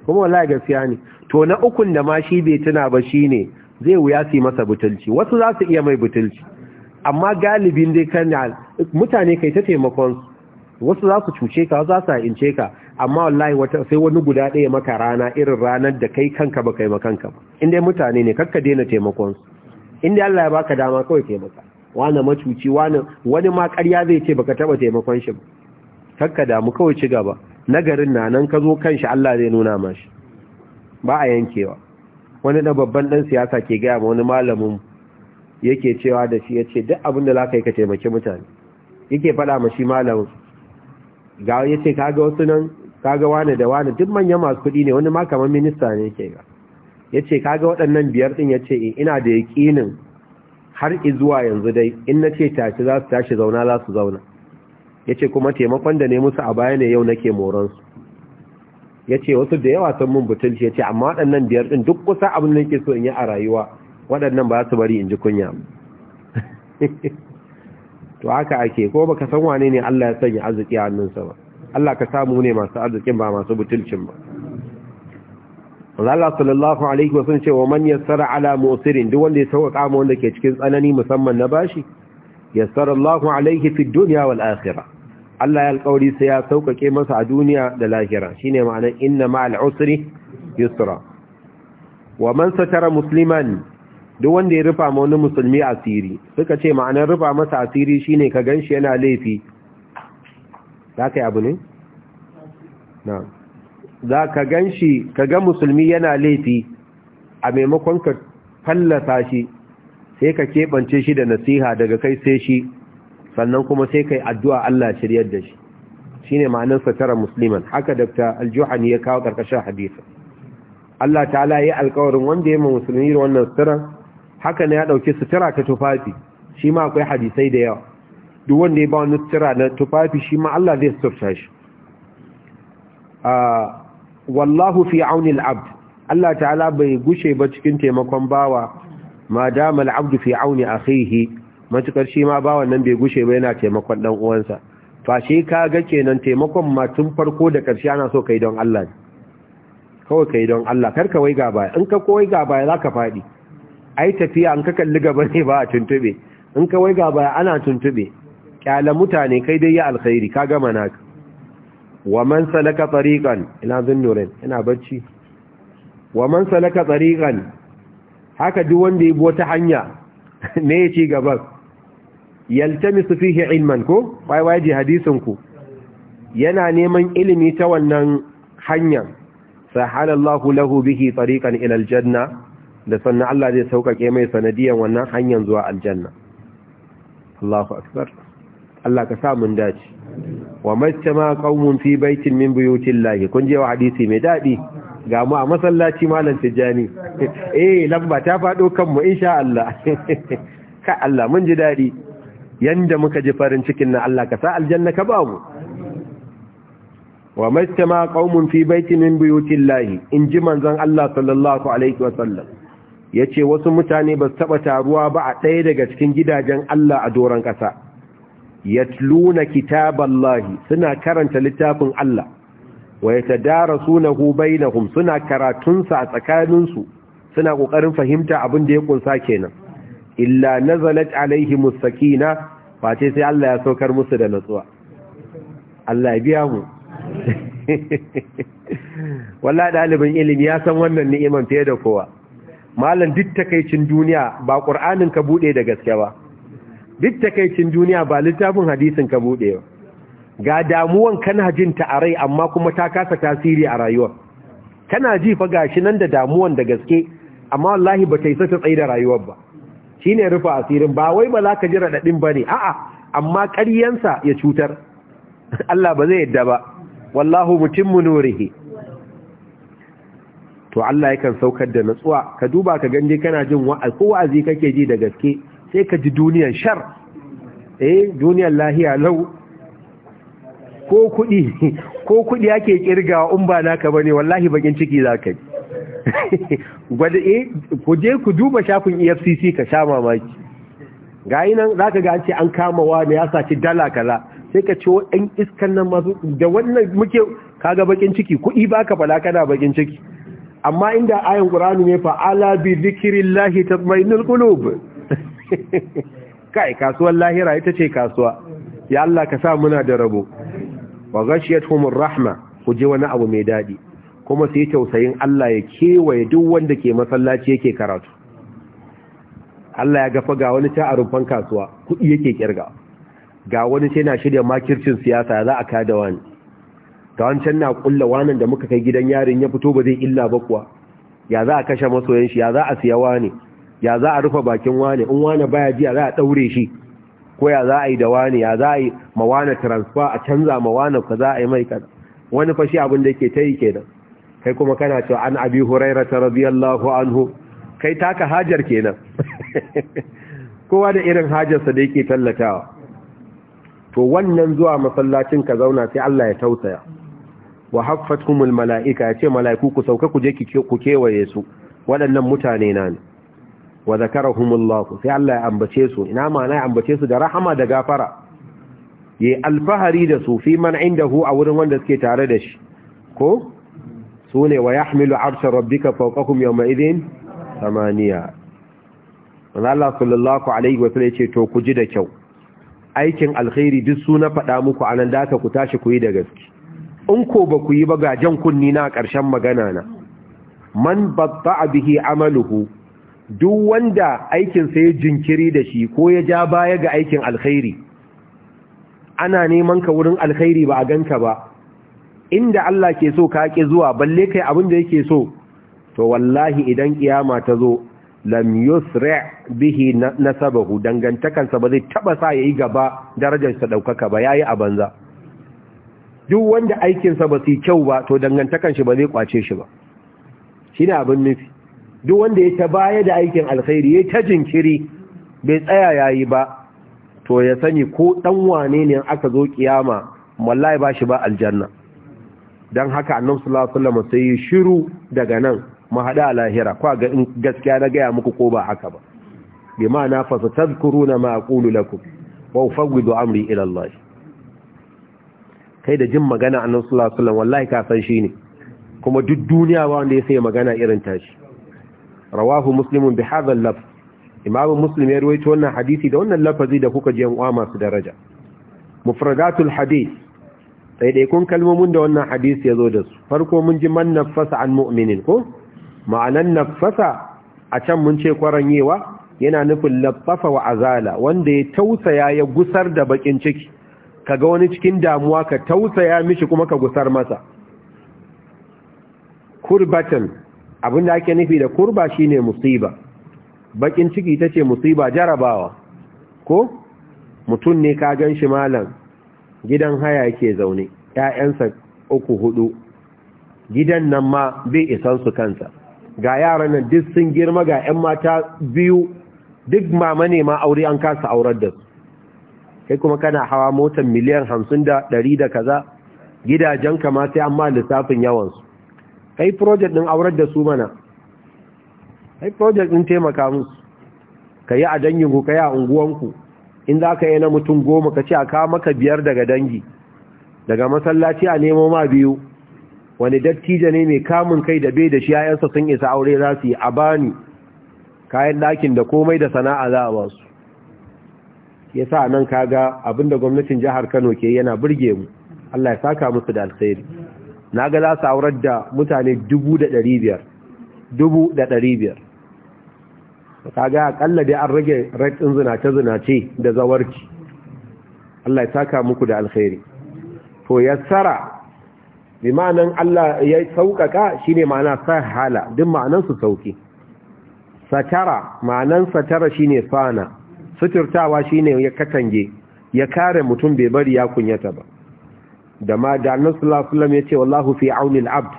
[SPEAKER 1] kuma wallahi gaskiya ne to na ukun da ma shi bai tuna ba shi ne, zai wuya su yi masa butulci wasu za su iya mai butulci amma galibin dai kana mutane kai ta taimakon wasu za su cuce ka za su ince ka amma wallahi wata sai wani guda ɗaya maka rana irin ranar da kai kanka ba kai makanka ba dai mutane ne kakka daina taimakon su dai Allah ya baka dama kawai taimaka wani macuci wani wani ma ƙarya zai ce baka taba taimakon shi ba kakka damu kawai ci gaba nagarin na nan ka zo kanshi Allah zai nuna mashi ba a yankewa wani da babban dan siyasa ke gaya ma wani malamin mu. yake cewa da shi ya ce duk abinda za ka yi ka taimaki mutane yake faɗa ma shi malamin ga ya ce kaga wasu nan kaga wane da wane duk manyan masu kuɗi ne wani ma kamar minista ne yake ga ya ce kaga waɗannan biyar ɗin ya ce eh, ina da yaƙinin har izuwa yanzu dai in na ce tashi za su tashi zauna za su zauna ya ce kuma taimakon da ne musu a baya ne yau nake moransu ya ce wasu da yawa sun mun butulci ya ce amma waɗannan biyar ɗin duk kusa abin da nake so in yi a rayuwa waɗannan ba su bari in ji kunya to haka ake ko baka san wane ne Allah ya sanya arziki a hannunsa ba Allah ka samu ne masu arzikin ba masu butulcin ba Allah sallallahu alaihi wasallam ce wa man yassara ala musirin duk wanda ya sauka ma wanda ke cikin tsanani musamman na bashi yassara Allah alaihi fi dunya wal akhirah Allah ya alƙawari sai ya sauƙaƙe masa a duniya da lahira shine ma'anar inna ma'al usri yusra wa man satara musliman duk wanda ya rufa ma wani musulmi asiri suka ce ma'anar rufa masa asiri shine ka ganshi yana laifi za ka yi abu ne? na za ka ganshi ka ga musulmi yana laifi a maimakon ka fallasa shi sai ka keɓance shi da nasiha daga kai sai shi sannan kuma sai ka yi addu'a Allah shiryar da shi shi ne ma'anin satara musulman haka dr aljuhani ya kawo ƙarƙashin hadisa Allah ta ya alkawarin wanda ya ma musulmi wannan sutara haka ne ya ɗauki sutura ta tufafi shi ma akwai hadisai da yawa duk wanda ya ba wani sutura na tufafi shi ma Allah zai sutura shi wallahu fi auni al Allah ta'ala bai gushe ba cikin taimakon bawa ma dama al-abd fi auni akhihi matukar shi ma bawan nan bai gushe ba yana taimakon dan uwansa fashe ka ga kenan taimakon ma tun farko da karshe ana so kai don Allah kawai kai don Allah kar ka ga baya in ka kowai ga baya ka fadi ai tafiya an ka kalli gaba ne ba a tuntube in ka wai gaba ana tuntube kyala mutane kai dai ya alkhairi ka gama naka wa man salaka tariqan ina zunnurin ina bacci wa man salaka tariqan haka duk wanda ya bi hanya ne ya ci gaba yaltamisu fihi ilman ko wai wai ji hadisin ku yana neman ilimi ta wannan hanya sahalallahu lahu bihi tariqan ila aljanna da sannan Allah zai sauƙaƙe mai sanadiyan wannan hanyar zuwa aljanna Allahu akbar Allah ka sa mun dace wa majtama qaumun fi baitin min buyutillahi kun je wa hadisi mai dadi ga mu a masallaci malam tijani eh lamba ta fado kanmu insha Allah ka Allah mun ji dadi yanda muka ji farin cikin na Allah ka sa aljanna ka ba mu wa majtama qaumun fi baitin min buyutillahi in ji manzon Allah sallallahu alaihi wa ya ce wasu mutane ba su taɓa taruwa ba a ɗaya daga cikin gidajen Allah a doron ƙasa ya tluna kitaballahi suna karanta littafin Allah wa ya tadara suna hum suna karatunsa a tsakaninsu suna ƙoƙarin fahimta abin da ya ƙunsa kenan illa na zalat alaihi musakina face sai Allah ya saukar musu da natsuwa Allah ya biya mu Wallah ɗalibin ilimi ya san wannan ni'iman fiye da kowa malam duk takaicin duniya ba ƙur'anin ka buɗe da gaske ba duk takaicin duniya ba littafin hadisin ka buɗe ba ga damuwan kan hajin ta a rai amma kuma ta kasa tasiri a rayuwar kana ji fa gashi nan da damuwan da gaske amma wallahi ba ta isa ta tsaye da rayuwar ba shine rufe asirin ba wai ba za ka ji raɗaɗin ba ne a'a amma ƙaryansa ya cutar Allah ba zai yadda ba wallahu mutimmu nurihi to Allah yakan saukar da natsuwa ka duba ka gande kana jin wa'azi ko wa'azi kake ji da gaske sai ka ji duniyar shar eh duniyar lahiya lau ko kuɗi ko kuɗi ake kirga in ba naka bane wallahi bakin ciki zaka yi gwada eh ku je ku duba shafin EFCC ka sha mamaki gayi nan zaka ga an ce an kama wa ne ya saci dala kaza sai ka ci ɗan iskan nan masu da wannan muke kaga bakin ciki kuɗi baka bala kana bakin ciki amma inda ayin qur'ani ne fa ala bi zikrillahi tatma'innul qulub kai kasuwar lahira ita ce kasuwa ya Allah ka sa muna da rabo wa rahma ku je wani abu mai daɗi. kuma su yi tausayin Allah ya kewaye duk wanda ke masallaci yake karatu Allah ya gafa ga wani ta a rumfan kasuwa kuɗi yake ƙirga. ga wani ta yana shirya makircin siyasa za a kada wani ta wancan na kulla wanan da muka kai gidan yarin ya fito ba zai illa ba kuwa ya za a kashe masoyan shi ya za a siya wane ya za a rufe bakin wane in wane baya ji za a daure shi ko ya za a yi da wane ya za a yi ma wane transfer a canza ma wane ka za a yi mai kada wani fashi abin da yake ta yi kenan kai kuma kana cewa an abi huraira ta radiyallahu anhu kai taka hajar kenan kowa da irin hajarsa da yake tallatawa to wannan zuwa masallacin ka zauna sai Allah ya tausaya wa haffatumul mala'ika ce mala'iku ku sauka ku je ku kewaye su waɗannan mutane na ne wa zakarahumullahu sai Allah ya ambace su ina ma ya ambace su da rahama da gafara yi alfahari da su fi man indahu a wurin wanda suke tare da shi ko su ne wa yahmilu arsha rabbika fawqakum yawma idin samaniya wanda Allah sallallahu alaihi wa sallam ya ce to ku ji da kyau aikin alkhairi duk su na faɗa muku anan da ku tashi ku yi da gaske in ko ba ku yi ba ga jan kunni na ƙarshen magana na man batta bihi amaluhu duk wanda aikinsa ya jinkiri da shi ko ya ja baya ga aikin alkhairi ana neman ka wurin alkhairi ba a ganka ba inda Allah ke so ka ki zuwa balle kai abin da yake so to wallahi idan kiyama ta zo lam yusra bihi nasabahu dangantakansa ba zai taba sa yayi gaba darajarsa daukaka ba yayi a banza duk wanda aikinsa ba su kyau ba to dangantakan shi ba zai kwace shi ba shi ne abin nufi duk wanda ya ta baya da aikin alkhairi ya ta jinkiri bai tsaya ya yi ba to ya sani ko dan wane ne aka zo kiyama wallahi ba shi ba aljanna don haka annabi sallallahu alaihi wasallam sai shiru daga nan mu hada lahira kwa ga gaskiya na gaya muku ko ba haka ba ma na fasatadkuruna ma aqulu lakum wa ufawwidu amri ila Allah kai da jin magana a sallallahu alaihi wallahi ka san shi ne kuma duk duniya ba wanda ya sai magana irin tashi rawahu muslimun bi hadhal laf imamu muslim ya ruwaito wannan hadisi da wannan lafazi da kuka ji an masu daraja mufradatul hadith kun kalmomin da wannan hadisi ya zo da su farko mun ji man nafasa an mu'minin ko ma'anan nafasa a can mun ce kwaranyewa yana nufin laffafa wa azala wanda ya tausaya ya gusar da bakin ciki ka ga wani cikin damuwa ka tausaya mishi kuma ka gusar masa kurbatan abinda ake nufi da kurba shine musiba bakin ciki ita ce musiba jarabawa ko mutum ne ka gan shi malam gidan haya yake zaune ‘ya'yansa uku hudu gidan nan ma bai isan su kansa ga yaran nan duk sun girma ga ‘yan mata biyu duk mamane ma aure an kasa aurar da su kai kuma kana hawa motar miliyan hamsin da ɗari da kaza gidajen kama sai amma lissafin yawansu kai project ɗin aurar da su mana kai project ɗin taimaka musu ka yi a danginku ka yi a unguwanku in za ka yi na mutum goma ka ce a kawo maka biyar daga dangi daga masallaci a nemo ma biyu wani dattijo ne mai kamun kai da bai da shi yayansa sun isa aure za su yi a bani kayan ɗakin da komai da sana'a za a ba su Ya yasa nan kaga abinda gwamnatin jihar Kano ke yana burge mu Allah ya saka musu da alkhairi naga za su aurar da mutane 1500 1500 kaga akalla dai an rage raɗin zinace zinace da zawarci Allah ya saka muku da alkhairi to yassara bi ma'anan Allah ya sauƙaƙa shine ma'ana sahala duk ma'anan su sauki satara ma'anan satara shine fana suturtawa shi ne ya katange ya kare mutum bai bari ya kunyata ba da ma da annabi sulam ya ce wallahu fi auni abd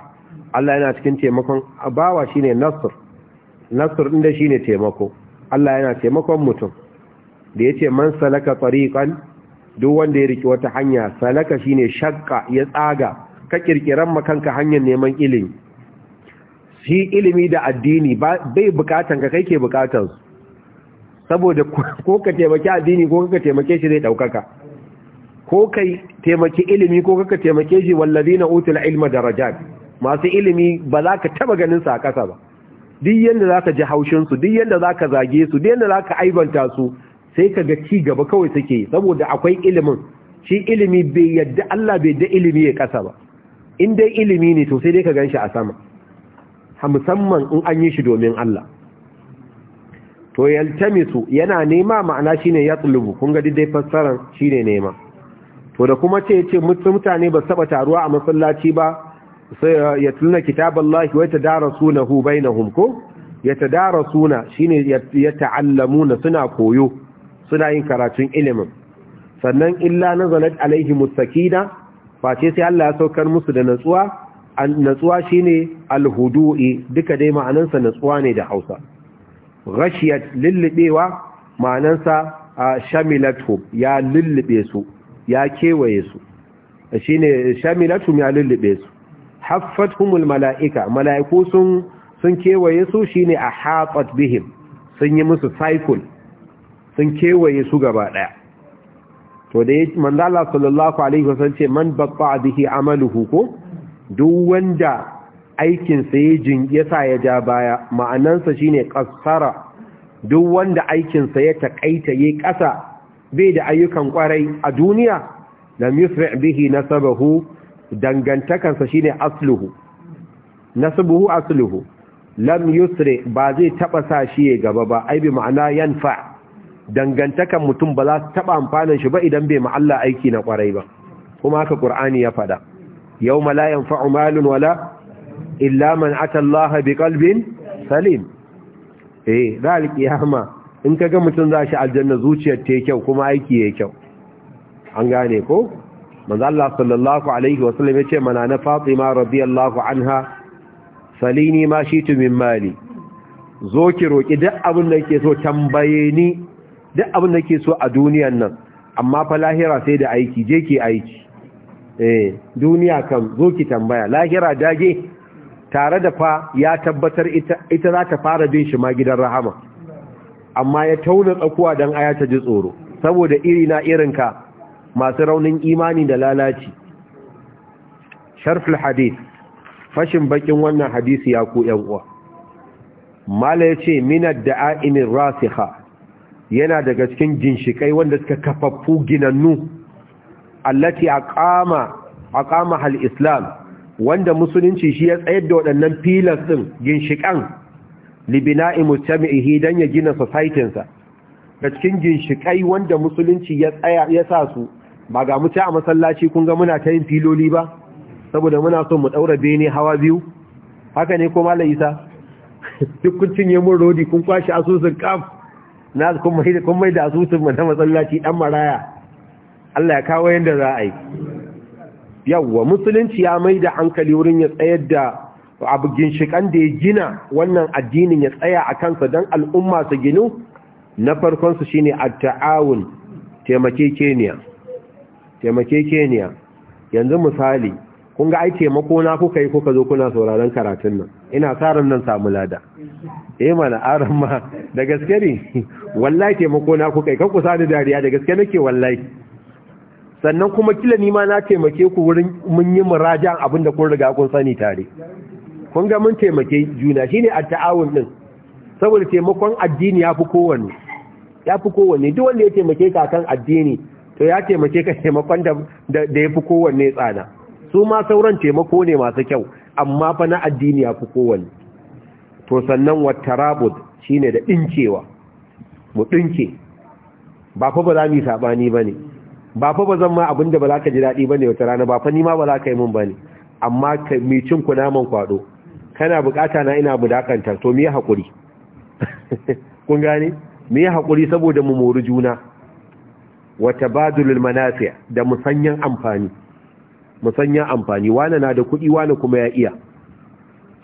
[SPEAKER 1] Allah yana cikin taimakon bawa ne nasr nasr inda ne taimako Allah yana taimakon mutum da ya ce man salaka tariqan duk wanda ya riki wata hanya salaka shi ne shakka ya tsaga ka kirkiran makanka hanyar neman ilimi shi ilimi da addini bai bukatan ka kai ke bukatansu saboda ko ka taimaki addini ko ka taimake shi zai ɗaukaka ko kai taimaki ilimi ko ka taimake shi wallazina utul ilma darajat masu ilimi ba za ka taba ganin su a ƙasa ba duk yanda za ka ji haushinsu duk yanda za ka zage su duk yanda za ka aibanta su sai ka ga ci gaba kawai suke saboda akwai ilimin shi ilimi bai yadda Allah bai da ilimi ya kasa ba in dai ilimi ne to sai dai ka gan shi a sama musamman in an yi shi domin Allah to yaltamisu yana nema ma'ana shine yatlubu kun ga dai fassaran shine nema to da kuma ce yace mutane ba saba taruwa a masallaci ba sai ya tuna kitaballahi wa yatadarasunahu bainahum ko yatadarasuna shine yata'allamuna suna koyo suna yin karatun ilimin sannan illa nazalat alaihi mustakina face sai Allah ya saukar musu da natsuwa natsuwa shine alhudu'i duka dai ma'anansa natsuwa ne da Hausa rashiyat lullubewa ma'anansa a shamilatum ya lullube su ya kewaye su shine shamilatu ya lullube su haffathumul mala'ika mala'iku sun kewaye su shine a haƙat bihim sun yi musu cycle sun kewaye su gaba daya to da manzo Allah sallallahu alaihi wasallam ce man baqa bihi amaluhu ko duk wanda aikinsa ya jin yasa ya ja baya ma'anansa shine kasara duk wanda aikinsa ya takaita yi ƙasa bai da ayyukan kwarai a duniya lam yusri' bihi nasabahu dangantakansa shine asluhu nasabuhu asluhu lam yusri ba zai taba sa shi ya gaba ba ai bi ma'ana yanfa dangantakan mutum ba za su taba amfanin shi ba idan bai ma Allah aiki na kwarai ba kuma haka qur'ani ya fada yawma la yanfa'u malun wala illa man atallaha biqalbin salim eh za alkiyama in kaga mutum za shi aljanna zuciyar ta kyau kuma aiki ya kyau an gane ko manzo Allah sallallahu alaihi wasallam yace mana na Fatima radiyallahu anha salini ma shitu min mali zo ki roki duk abin da yake so tambaye ni duk abin da yake so a duniyar nan amma fa lahira sai da aiki je ki aiki duniya kam zo ki tambaya lahira dage tare da fa ya tabbatar ita za ta fara bin shi ma gidan rahama amma ya tauna tsakuwa don aya ta ji tsoro saboda iri na irinka masu raunin imani da lalaci sharful hadith fashin bakin wannan hadisi ya ku yan uwa ce minar da Ainin rasiha yana daga cikin ginshikai wanda suka kafaffu ginannu allati a kama al-islam wanda musulunci shi ya tsayar da waɗannan filas ɗin ginshiƙan libina'i mujtami'ihi don ya gina societinsa da cikin ginshiƙai wanda musulunci ya tsaya ya sa su ba ga mu a masallaci kun ga muna ta yin filoli ba saboda muna so mu ɗaura bene hawa biyu haka ne kuma Laisa, isa duk kun cinye mun rodi kun kwashe asusun kaf na kun mai da asusun mu na masallaci dan maraya Allah ya kawo yadda za a yi yawwa musulunci ya mai da hankali wurin ya tsayar da abu ginshikan da ya gina wannan addinin ya tsaya a kansa don al'umma su ginu na farkonsu shi ne a ta'awun taimakekeniya yanzu misali kun ga ai taimako na kuka yi kuka zo kuna sauraron karatun nan ina tsarin nan samu lada eh mana aran ma da gaske ne wallahi taimako na kuka yi kan ku sani dariya da gaske nake wallahi sannan kuma kila ni ma na taimake ku wurin mun yi murajan abin da kun riga kun sani tare kun ga mun taimake juna shine at-ta'awun din saboda taimakon addini yafi kowanne yafi kowanne duk wanda ya taimake ka kan addini to ya taimake ka taimakon da da yafi kowanne tsana, su ma sauran taimako ne masu kyau amma fa na addini yafi kowanne to sannan wattarabud shine da dincewa, mu dinke ba fa ba za mu yi sabani bane ba fa bazan ma abin da ba za ka ji daɗi ba ne wata rana ba fa ni ma ba za ka yi ba ne amma ka mai cin ku naman kwado kana bukata na ina budakanta to miya haƙuri. kun gane Miya haƙuri saboda mu mori juna wata tabadulul manafiya da musanyan amfani musanyan amfani wane na da kuɗi wane kuma ya iya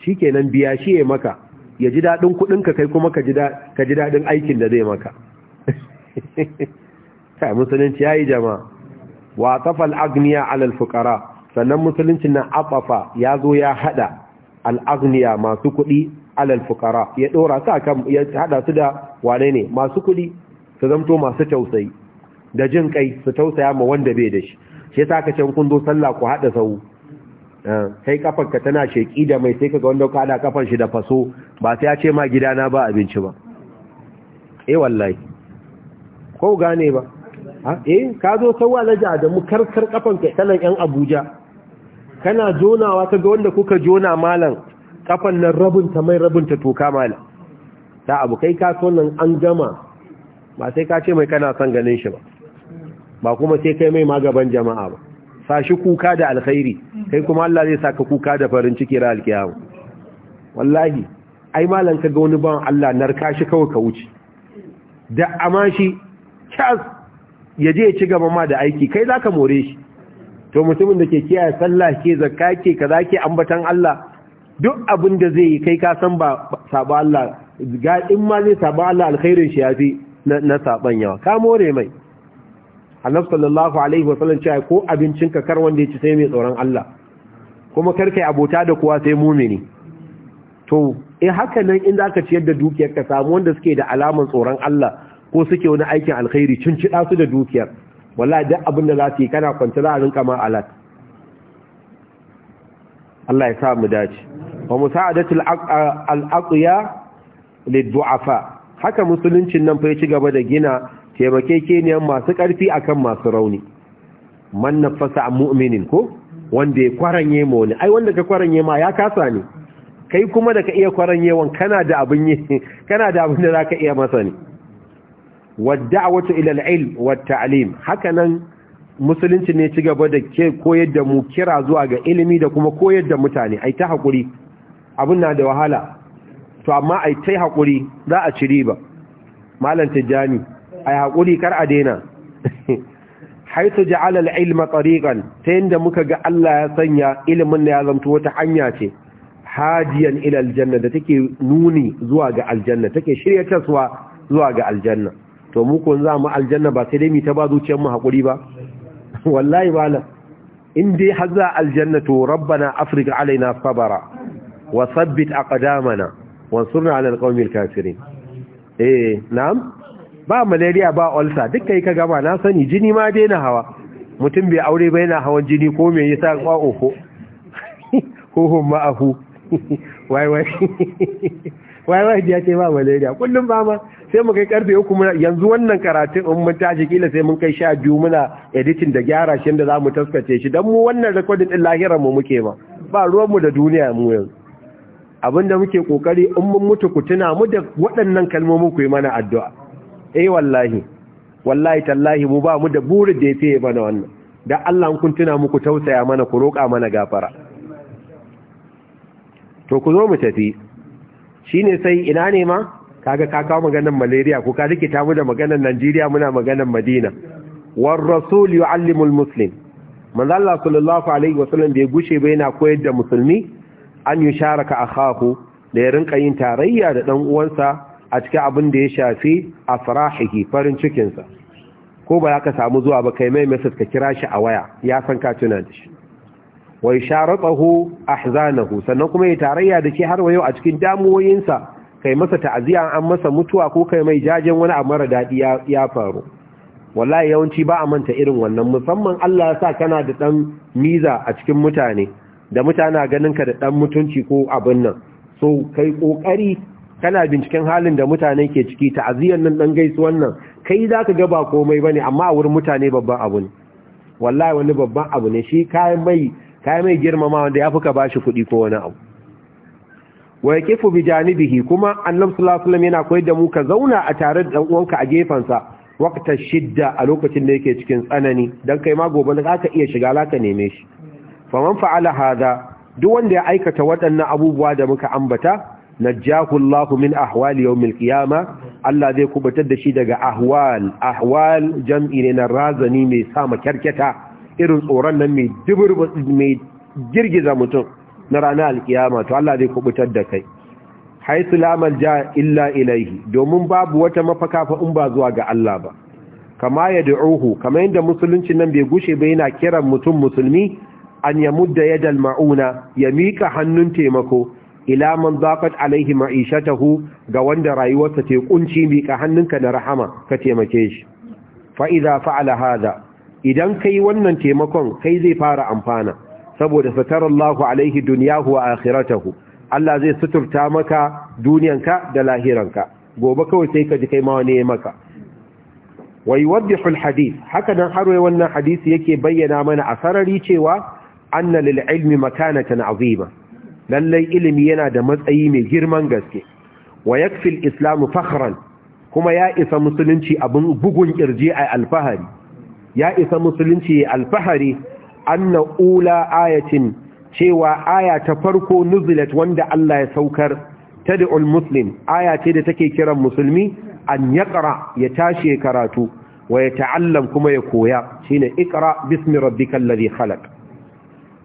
[SPEAKER 1] shi kenan biya shi ya maka ya ji daɗin kuɗinka kai kuma ka ji daɗin aikin da zai maka kai musulunci yayi jama'a wa tafal agniya alal fuqara sannan musulunci na afafa ya zo ya hada al agniya masu kuɗi alal fuqara ya dora su akan ya hada su da wane ne masu kuɗi su zamto masu tausayi da jin kai su tausaya ma wanda bai da shi shi yasa ka can kun zo sallah ku hada sau eh, kai kafarka tana sheki da mai sai kaga wanda ka hada kafar shi da faso ba sai ya ce ma gidana ba abinci ba eh wallahi ko gane ba eh ka zo sauwa na ji da karkar kafan ka kalan yan abuja kana jonawa ta ga wanda kuka jona malam kafan nan rabin ta mai rabin ta toka malam ta abu kai ka so nan an gama ba sai ka ce mai kana son ganin shi ba ba kuma sai kai mai magaban jama'a ba sa shi kuka da alkhairi kai kuma Allah zai saka kuka da farin ciki ra alkiyama wallahi ai malan ka ga wani ban Allah narka shi kawai ka wuce da amashi cas ya je ya ci gaba ma da aiki kai za ka more shi to mutumin da ke kiyaye sallah ke zakka ke kaza ke ambatan Allah duk abin da zai yi kai ka san ba sabo Allah ga in ma zai sabo Allah alkhairin shi yafi na saban yawa ka more mai Allah sallallahu alaihi wa sallam cewa ko abincin ka kar wanda ya ci sai mai tsoron Allah kuma kar kai abota da kowa sai mumini to eh haka nan in zaka ciyar da dukiyar ka samu wanda suke da alaman tsoron Allah ko suke wani aikin alkhairi cin ci su da dukiyar wallahi duk abin da za su yi kana kwanta za a rinka ma alat Allah ya sa mu dace wa musa'adatul al-aqya lid-du'afa haka musuluncin nan fa ya ci gaba da gina taimakekeniyar masu ƙarfi akan masu rauni man nafasa mu'minin ko wanda ya kwaranye ma wani ai wanda ka kwaranye ma ya kasa ne kai kuma da ka iya kwaranyewan kana da abin kana da abin da zaka iya masa ne wadda'awatu ila ilal ilm wat-ta'lim hakanan musulunci ne ci gaba da ke koyar da mu kira zuwa ga ilimi da kuma koyar da mutane ai ta hakuri abun na da wahala to amma ai ta hakuri za a ci riba malam tijani ai hakuri kar a daina haitu ja'ala al-ilma tariqan ta yanda muka ga Allah ya sanya ilimin da ya zamto wata hanya ce hadiyan ila janna da take nuni zuwa ga aljanna take taswa zuwa ga aljanna to mu kun za mu aljanna ba sai dai mu ta ba zuciyar mu hakuri ba wallahi malam in dai har za aljanna to rabbana afrika alaina sabara wa sabbit aqdamana wansurna ala alqawmil kafirin eh na'am ba malaria ba ulcer duk kai ka gama na sani jini ma dai na hawa mutum bai aure ba yana hawan jini ko me yasa kwa oho ko hum ma'ahu wai wai wai wai ya ce ba malaria kullum ba ma sai mu kai karfe uku muna yanzu wannan karatun in mun tashi kila sai mun kai sha biyu muna editing da gyara shi da zamu taskace shi dan mu wannan recording din lahiran mu muke ba ba ruwan mu da duniya mu yanzu abinda muke kokari in mun mutu ku tuna mu da waɗannan kalmomin ku yi mana addu'a eh wallahi wallahi tallahi mu ba mu da burin da yafe mana wannan da Allah kun tuna muku tausaya mana ku roƙa mana gafara to ku zo mu tafi Shi ne sai ina ne ma kaga ka kawo maganar malaria ko ka rikita mu da maganar Najeriya muna maganar Madina war rasul yu'allimul muslim manzo Allah sallallahu alaihi wasallam bai gushe ba yana koyar da musulmi an yusharaka akahu da ya rinka yin tarayya da dan uwansa a cikin abin da ya shafi afrahihi farin cikinsa ko ba ya ka samu zuwa ba kai mai message ka kira shi a waya ya san ka tuna da shi wai isharatahu ahzanahu sannan kuma ya tarayya da shi har wayo a cikin damuwoyinsa kai masa ta'aziya an masa mutuwa ko kai mai jajen wani abu mara dadi ya faru wallahi yawanci ba a manta irin wannan musamman Allah ya sa kana da dan miza a cikin mutane da mutana ganin ka da dan mutunci ko abin nan so kai kokari kana binciken halin da mutane ke ciki ta'aziyan nan dan gaisuwan nan kai zaka ga ba komai bane amma a wurin mutane babban abu ne wallahi wani babban abu ne shi kayan mai kai mai girmama wanda ya fuka bashi kuɗi ko wani abu wa yaqifu bi janibihi kuma annabi sallallahu alaihi wasallam yana koyar da mu ka zauna a tare da dan uwanka a sa waqtar shidda a lokacin da yake cikin tsanani dan kai ma gobe ka iya shiga zaka neme shi Fa man fa'ala hada duk wanda ya aikata waɗannan abubuwa da muka ambata najjahu Allahu min ahwali yawmil qiyama Allah zai kubutar da shi daga ahwal ahwal jam'i ne na razani mai sa makarkata irin tsoron nan mai mai girgiza mutum na ranar alkiyama to Allah zai kubutar da kai haisu lamal ja illa ilaihi domin babu wata mafaka fa ba zuwa ga Allah ba kama ya da'uhu kama yadda musulunci nan bai gushe ba yana kiran mutum musulmi an ya mudda yadal ma'una ya mika hannun taimako ila man zaqat alaihi tahu ga wanda rayuwarsa ta kunci miƙa hannunka na rahama ka taimake shi fa idza fa'ala hada idan kai wannan taimakon kai zai fara amfana saboda satarallahu alaihi duniyahu wa akhiratahu Allah zai suturta maka duniyanka da lahiranka gobe kawai sai ka ji kai ma wani maka wa yuwaddihu alhadith haka dan harwaye wannan hadisi yake bayyana mana a sarari cewa anna lil ilmi makanatan azima lallai ilimi yana da matsayi mai girman gaske wa yakfi alislamu islam fakhran kuma ya isa musulunci abin bugun kirji a alfahari ya isa musulunci alfahari anna ula ayatin cewa aya ta farko nuzilat wanda Allah ya saukar tad'ul muslim aya ce da take kiran musulmi an yaqra ya tashi karatu wa ya kuma ya koya shine iqra bismi rabbikal ladhi khalaq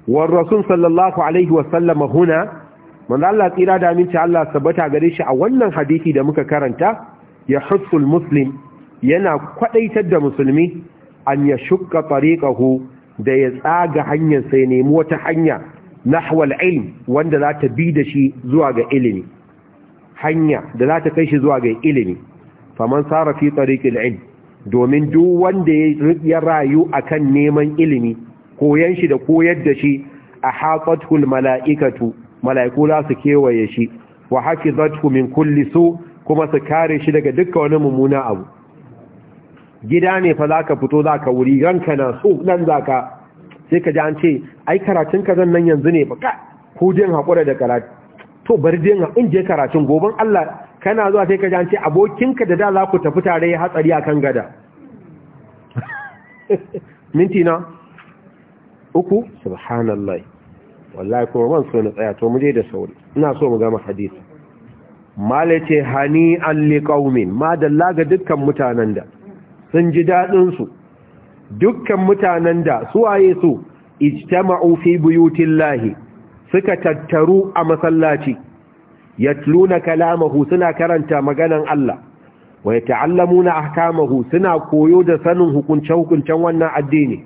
[SPEAKER 1] war rasul sallallahu alaihi wa sallama huna manzo Allah tsira da aminci Allah sabata gare shi a wannan hadisi da muka karanta ya hussul muslim yana kwadaitar da musulmi an ya shukka hu da ya tsaga hanyar sai nemi wata hanya nahwal ilm wanda za ta bi da shi zuwa ga ilimi hanya da za ta kai shi zuwa ga ilimi faman sara fi tariqil ilm domin duk wanda ya rayu kan neman ilimi koyan shi da koyar da shi a haƙatul mala'ikatu mala'iku za su kewaye shi wa haƙi min kulli su kuma su kare shi daga dukkan wani mummuna abu gida ne fa zaka fito zaka wuri ranka na so nan zaka sai ka ji an ce ai karatun ka zan nan yanzu ne baka ko jin hakura da karatu to bar jin in je karatun goban Allah kana zuwa sai ka ji an ce abokinka da da za ku tafi tare ya hatsari akan gada minti na uku subhanallahi wallahi kuma ban so na tsaya to mu je da sauri ina so mu gama hadisi malace hani an liqaumin ma dalla ga dukkan mutanen da sun ji daɗinsu dukkan mutanen da suwaye su ijtama'u fi lahi, suka tattaru a masallaci na kalamahu suna karanta maganan Allah wa na ahkamahu suna koyo da sanin hukunce-hukuncen wannan addini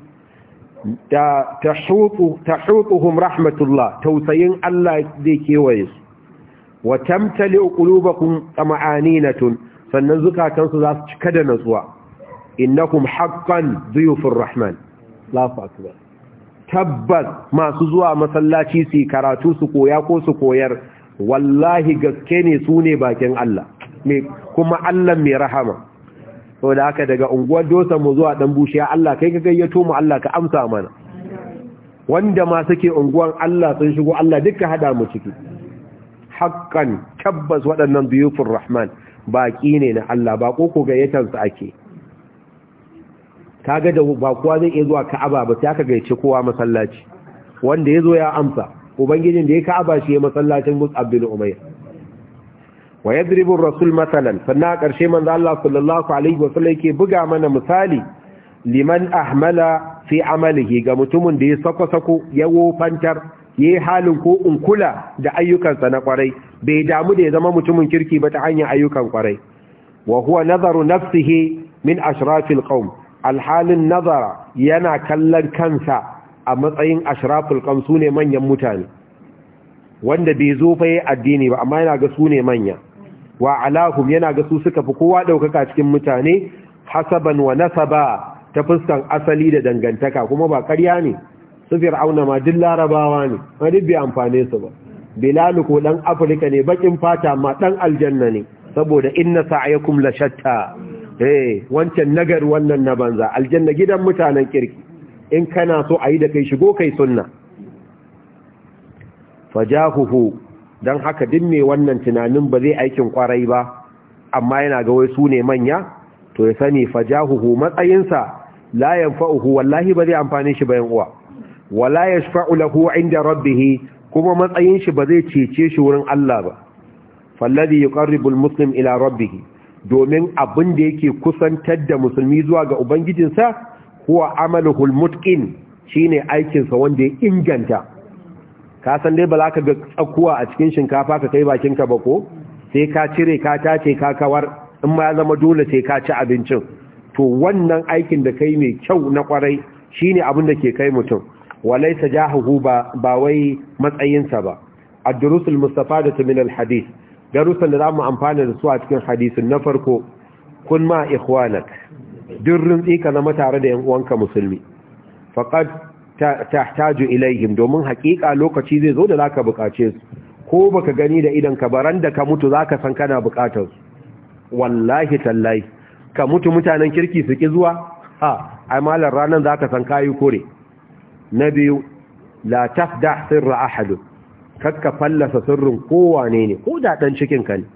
[SPEAKER 1] da tahutuhum rahmatullah tausayin Allah zai kewaye su wa tamtali na tun sannan zukatansu za su cika da natsuwa innakum haqqan dhuyufur rahman Allahu akbar tabbas masu zuwa masallaci su karatu su koya ko su koyar wallahi gaske ne su ne bakin Allah me kuma Allah mai rahama saboda haka daga unguwar dosa mu zuwa dan bushiya Allah kai ka gayyato mu Allah ka amsa mana wanda ma suke unguwan Allah sun shigo Allah duka hada mu ciki haqqan tabbas waɗannan biyufur rahman baki ne na Allah ba ko ko su ake kaga da ba kowa zai iya zuwa ka'aba ba sai aka gaice kowa masallaci wanda ya zo ya amsa ubangijin da ya ka'aba shi ya masallacin mus'ab bin umayr wa yadribu rasul masalan sannan a ƙarshe manzo Allah sallallahu alaihi wa sallam yake buga mana misali liman ahmala fi amalihi ga mutumin da ya sako sako ya wofantar ya yi halin ko unkula da ayyukansa na kwarai bai damu da ya zama mutumin kirki ba ta hanyar ayyukan kwarai wa huwa nazaru nafsihi min ashrafil qaum alhalin nazara yana kallon kansa a matsayin ashraful kam ne manyan mutane wanda bai zo fa yi addini ba amma yana ga su ne manya wa alahum yana ga su suka fi kowa ɗaukaka cikin mutane hasaban wa nasaba ta fuskan asali da dangantaka kuma ba karya ne su fir'auna ma duk larabawa ne ma duk bai amfane su ba bilalu ko dan afirka ne baƙin fata ma ɗan aljanna ne saboda inna sa'ayakum la shatta eh wancan nagar wannan na banza aljanna gidan mutanen kirki in kana so a yi da kai shigo kai sunna fajahuhu don haka din ne wannan tunanin ba zai aikin kwarai ba amma yana ga wai su ne manya to ya sani fajahuhu matsayinsa la yanfa'uhu wallahi ba zai amfani shi bayan uwa wala yashfa'u lahu 'inda rabbih kuma matsayin shi ba zai cece shi wurin Allah ba falladhi yuqarribu al-muslim ila rabbih domin abin da yake kusantar da musulmi zuwa ga ubangijinsa huwa amaluhul shi ne aikinsa wanda ya inganta ka san dai ba za ka ga tsakuwa a cikin shinkafa ka kai bakinka ba ko sai ka cire ka tace ka kawar in ma ya zama dole sai ka ci abincin to wannan aikin da kai mai kyau na kwarai shi ne abin da ke kai mutum Walai sa jahuhu ba ba wai matsayinsa ba ad-durusul da Taminal hadith darussan da za mu amfana da su a cikin hadisin na farko kun ma ikhwanak duk rintsi ka zama tare da 'yan uwanka musulmi faqad tahtaju ilaihim domin haƙiƙa lokaci zai zo da zaka bukace su ko baka gani da idan ka baran da ka mutu zaka san kana bukatar su wallahi tallahi ka mutu mutanen kirki su ki zuwa ha ai malar ranan zaka san kayi kore na biyu la tafda sirra ahadun kakka fallasa sirrin kowane ne ko da dan cikin ka ne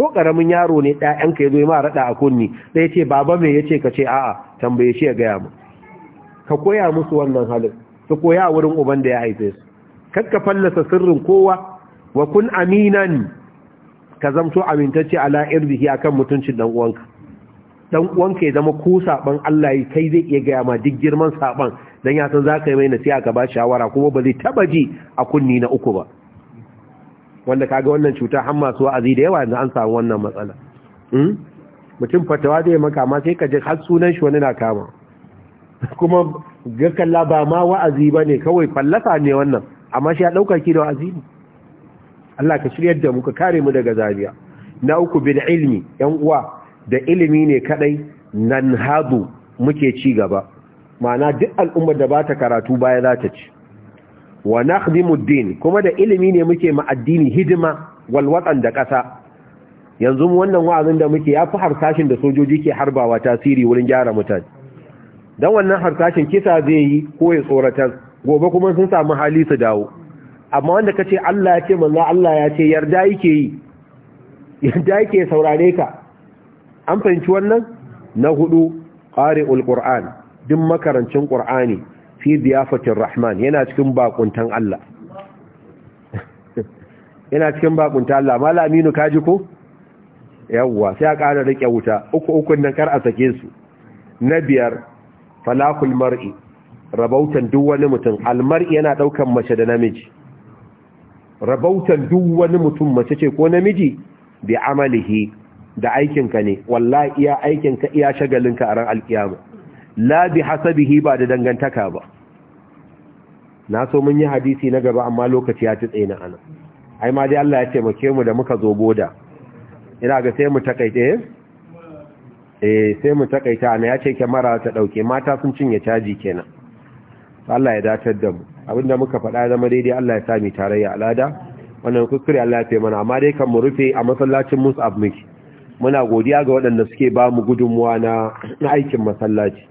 [SPEAKER 1] ko karamin yaro ne ɗayan ka yazo ma rada a kunni sai yace baba me yace ka ce a'a tambaye shi ya gaya mu ka koya musu wannan halin su koya wurin uban da ya haife su kakka fallasa sirrin kowa wa kun aminan ka zamto amintacce ala irdihi akan mutuncin dan uwanka dan uwanka ya zama ko saban Allah yi kai zai iya gaya ma duk girman saban dan ya san zaka yi mai nasiha ka ba shawara kuma ba zai taba ji a kunni na uku ba wanda kaga wannan cuta har masu wa'azi da yawa yanzu an samu wannan matsala hmm? mutum fatawa zai maka ma sai ka ji har sunan shi wani na kama kuma ga kalla ba ma wa'azi bane kawai fallasa ne wannan amma shi ya dauka ki da wa'azi Allah ka shiryar da muka kare mu daga zariya na uku bil ilmi yan uwa da ilimi ne kadai nan hadu muke ci gaba ma'ana duk al'ummar da ba ta karatu baya za ta ci wa nakhdimuddin kuma da ilimi ne muke ma addini hidima wal da ƙasa yanzu wannan wa'azin da muke yafi harsashin da sojoji ke harbawa tasiri wurin gyara mutane dan wannan harsashin kisa zai yi ko ya tsoratar gobe kuma sun samu hali su dawo amma wanda kace Allah ya ce manzo Allah ya ce yarda yake yi yarda yake saurare ka an fahimci wannan na hudu qari'ul qur'an duk makarancin qur'ani fi diyafatir rahman yana cikin bakuntan Allah yana cikin bakuntan Allah malaminu kaji ko yawwa sai a ƙara rike wuta uku uku nan kar a sake su na biyar falakul mar'i rabautan duk wani mutum almar'i yana daukan mace da namiji rabautan duk wani mutum mace ce ko namiji bi amalihi da aikinka ne wallahi iya aikinka iya shagalinka a ran alkiyama la bi hasabihi ba da dangantaka ba na so mun yi hadisi na gaba amma lokaci ya ci tsaye na ana ai ma dai Allah ya ce mu da muka zo boda ina ga sai mu takaita eh, eh sai mu takaita ana ya ce kamera ta dauke mata sun cinye caji kenan Allah ya datar da mu abinda muka faɗa zama daidai Allah ya sami mu tarayya alada wannan kuskure Allah ya fe mana amma dai kan mu rufe a masallacin Mus'ab miki muna godiya ga waɗanda suke ba mu gudunmuwa na aikin masallaci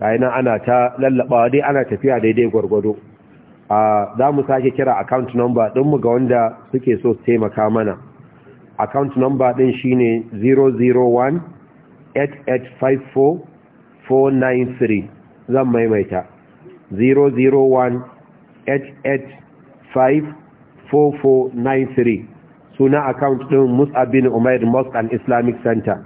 [SPEAKER 1] ainihin ana ta lallabawa dai ana tafiya daidai gwargwado za mu sake kira account number ɗinmu ga wanda suke so su taimaka mana account number ɗin shi ne 001 8854 493 zan maimaita 001 8854 4493 suna account ɗin Mus'ab bin Umair Mosque and Islamic Center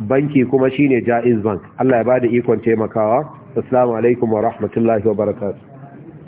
[SPEAKER 1] banki kuma shine Jaiz Bank Allah ya bada ikon taimakawa assalamu alaikum wa rahmatullahi wa barakatuh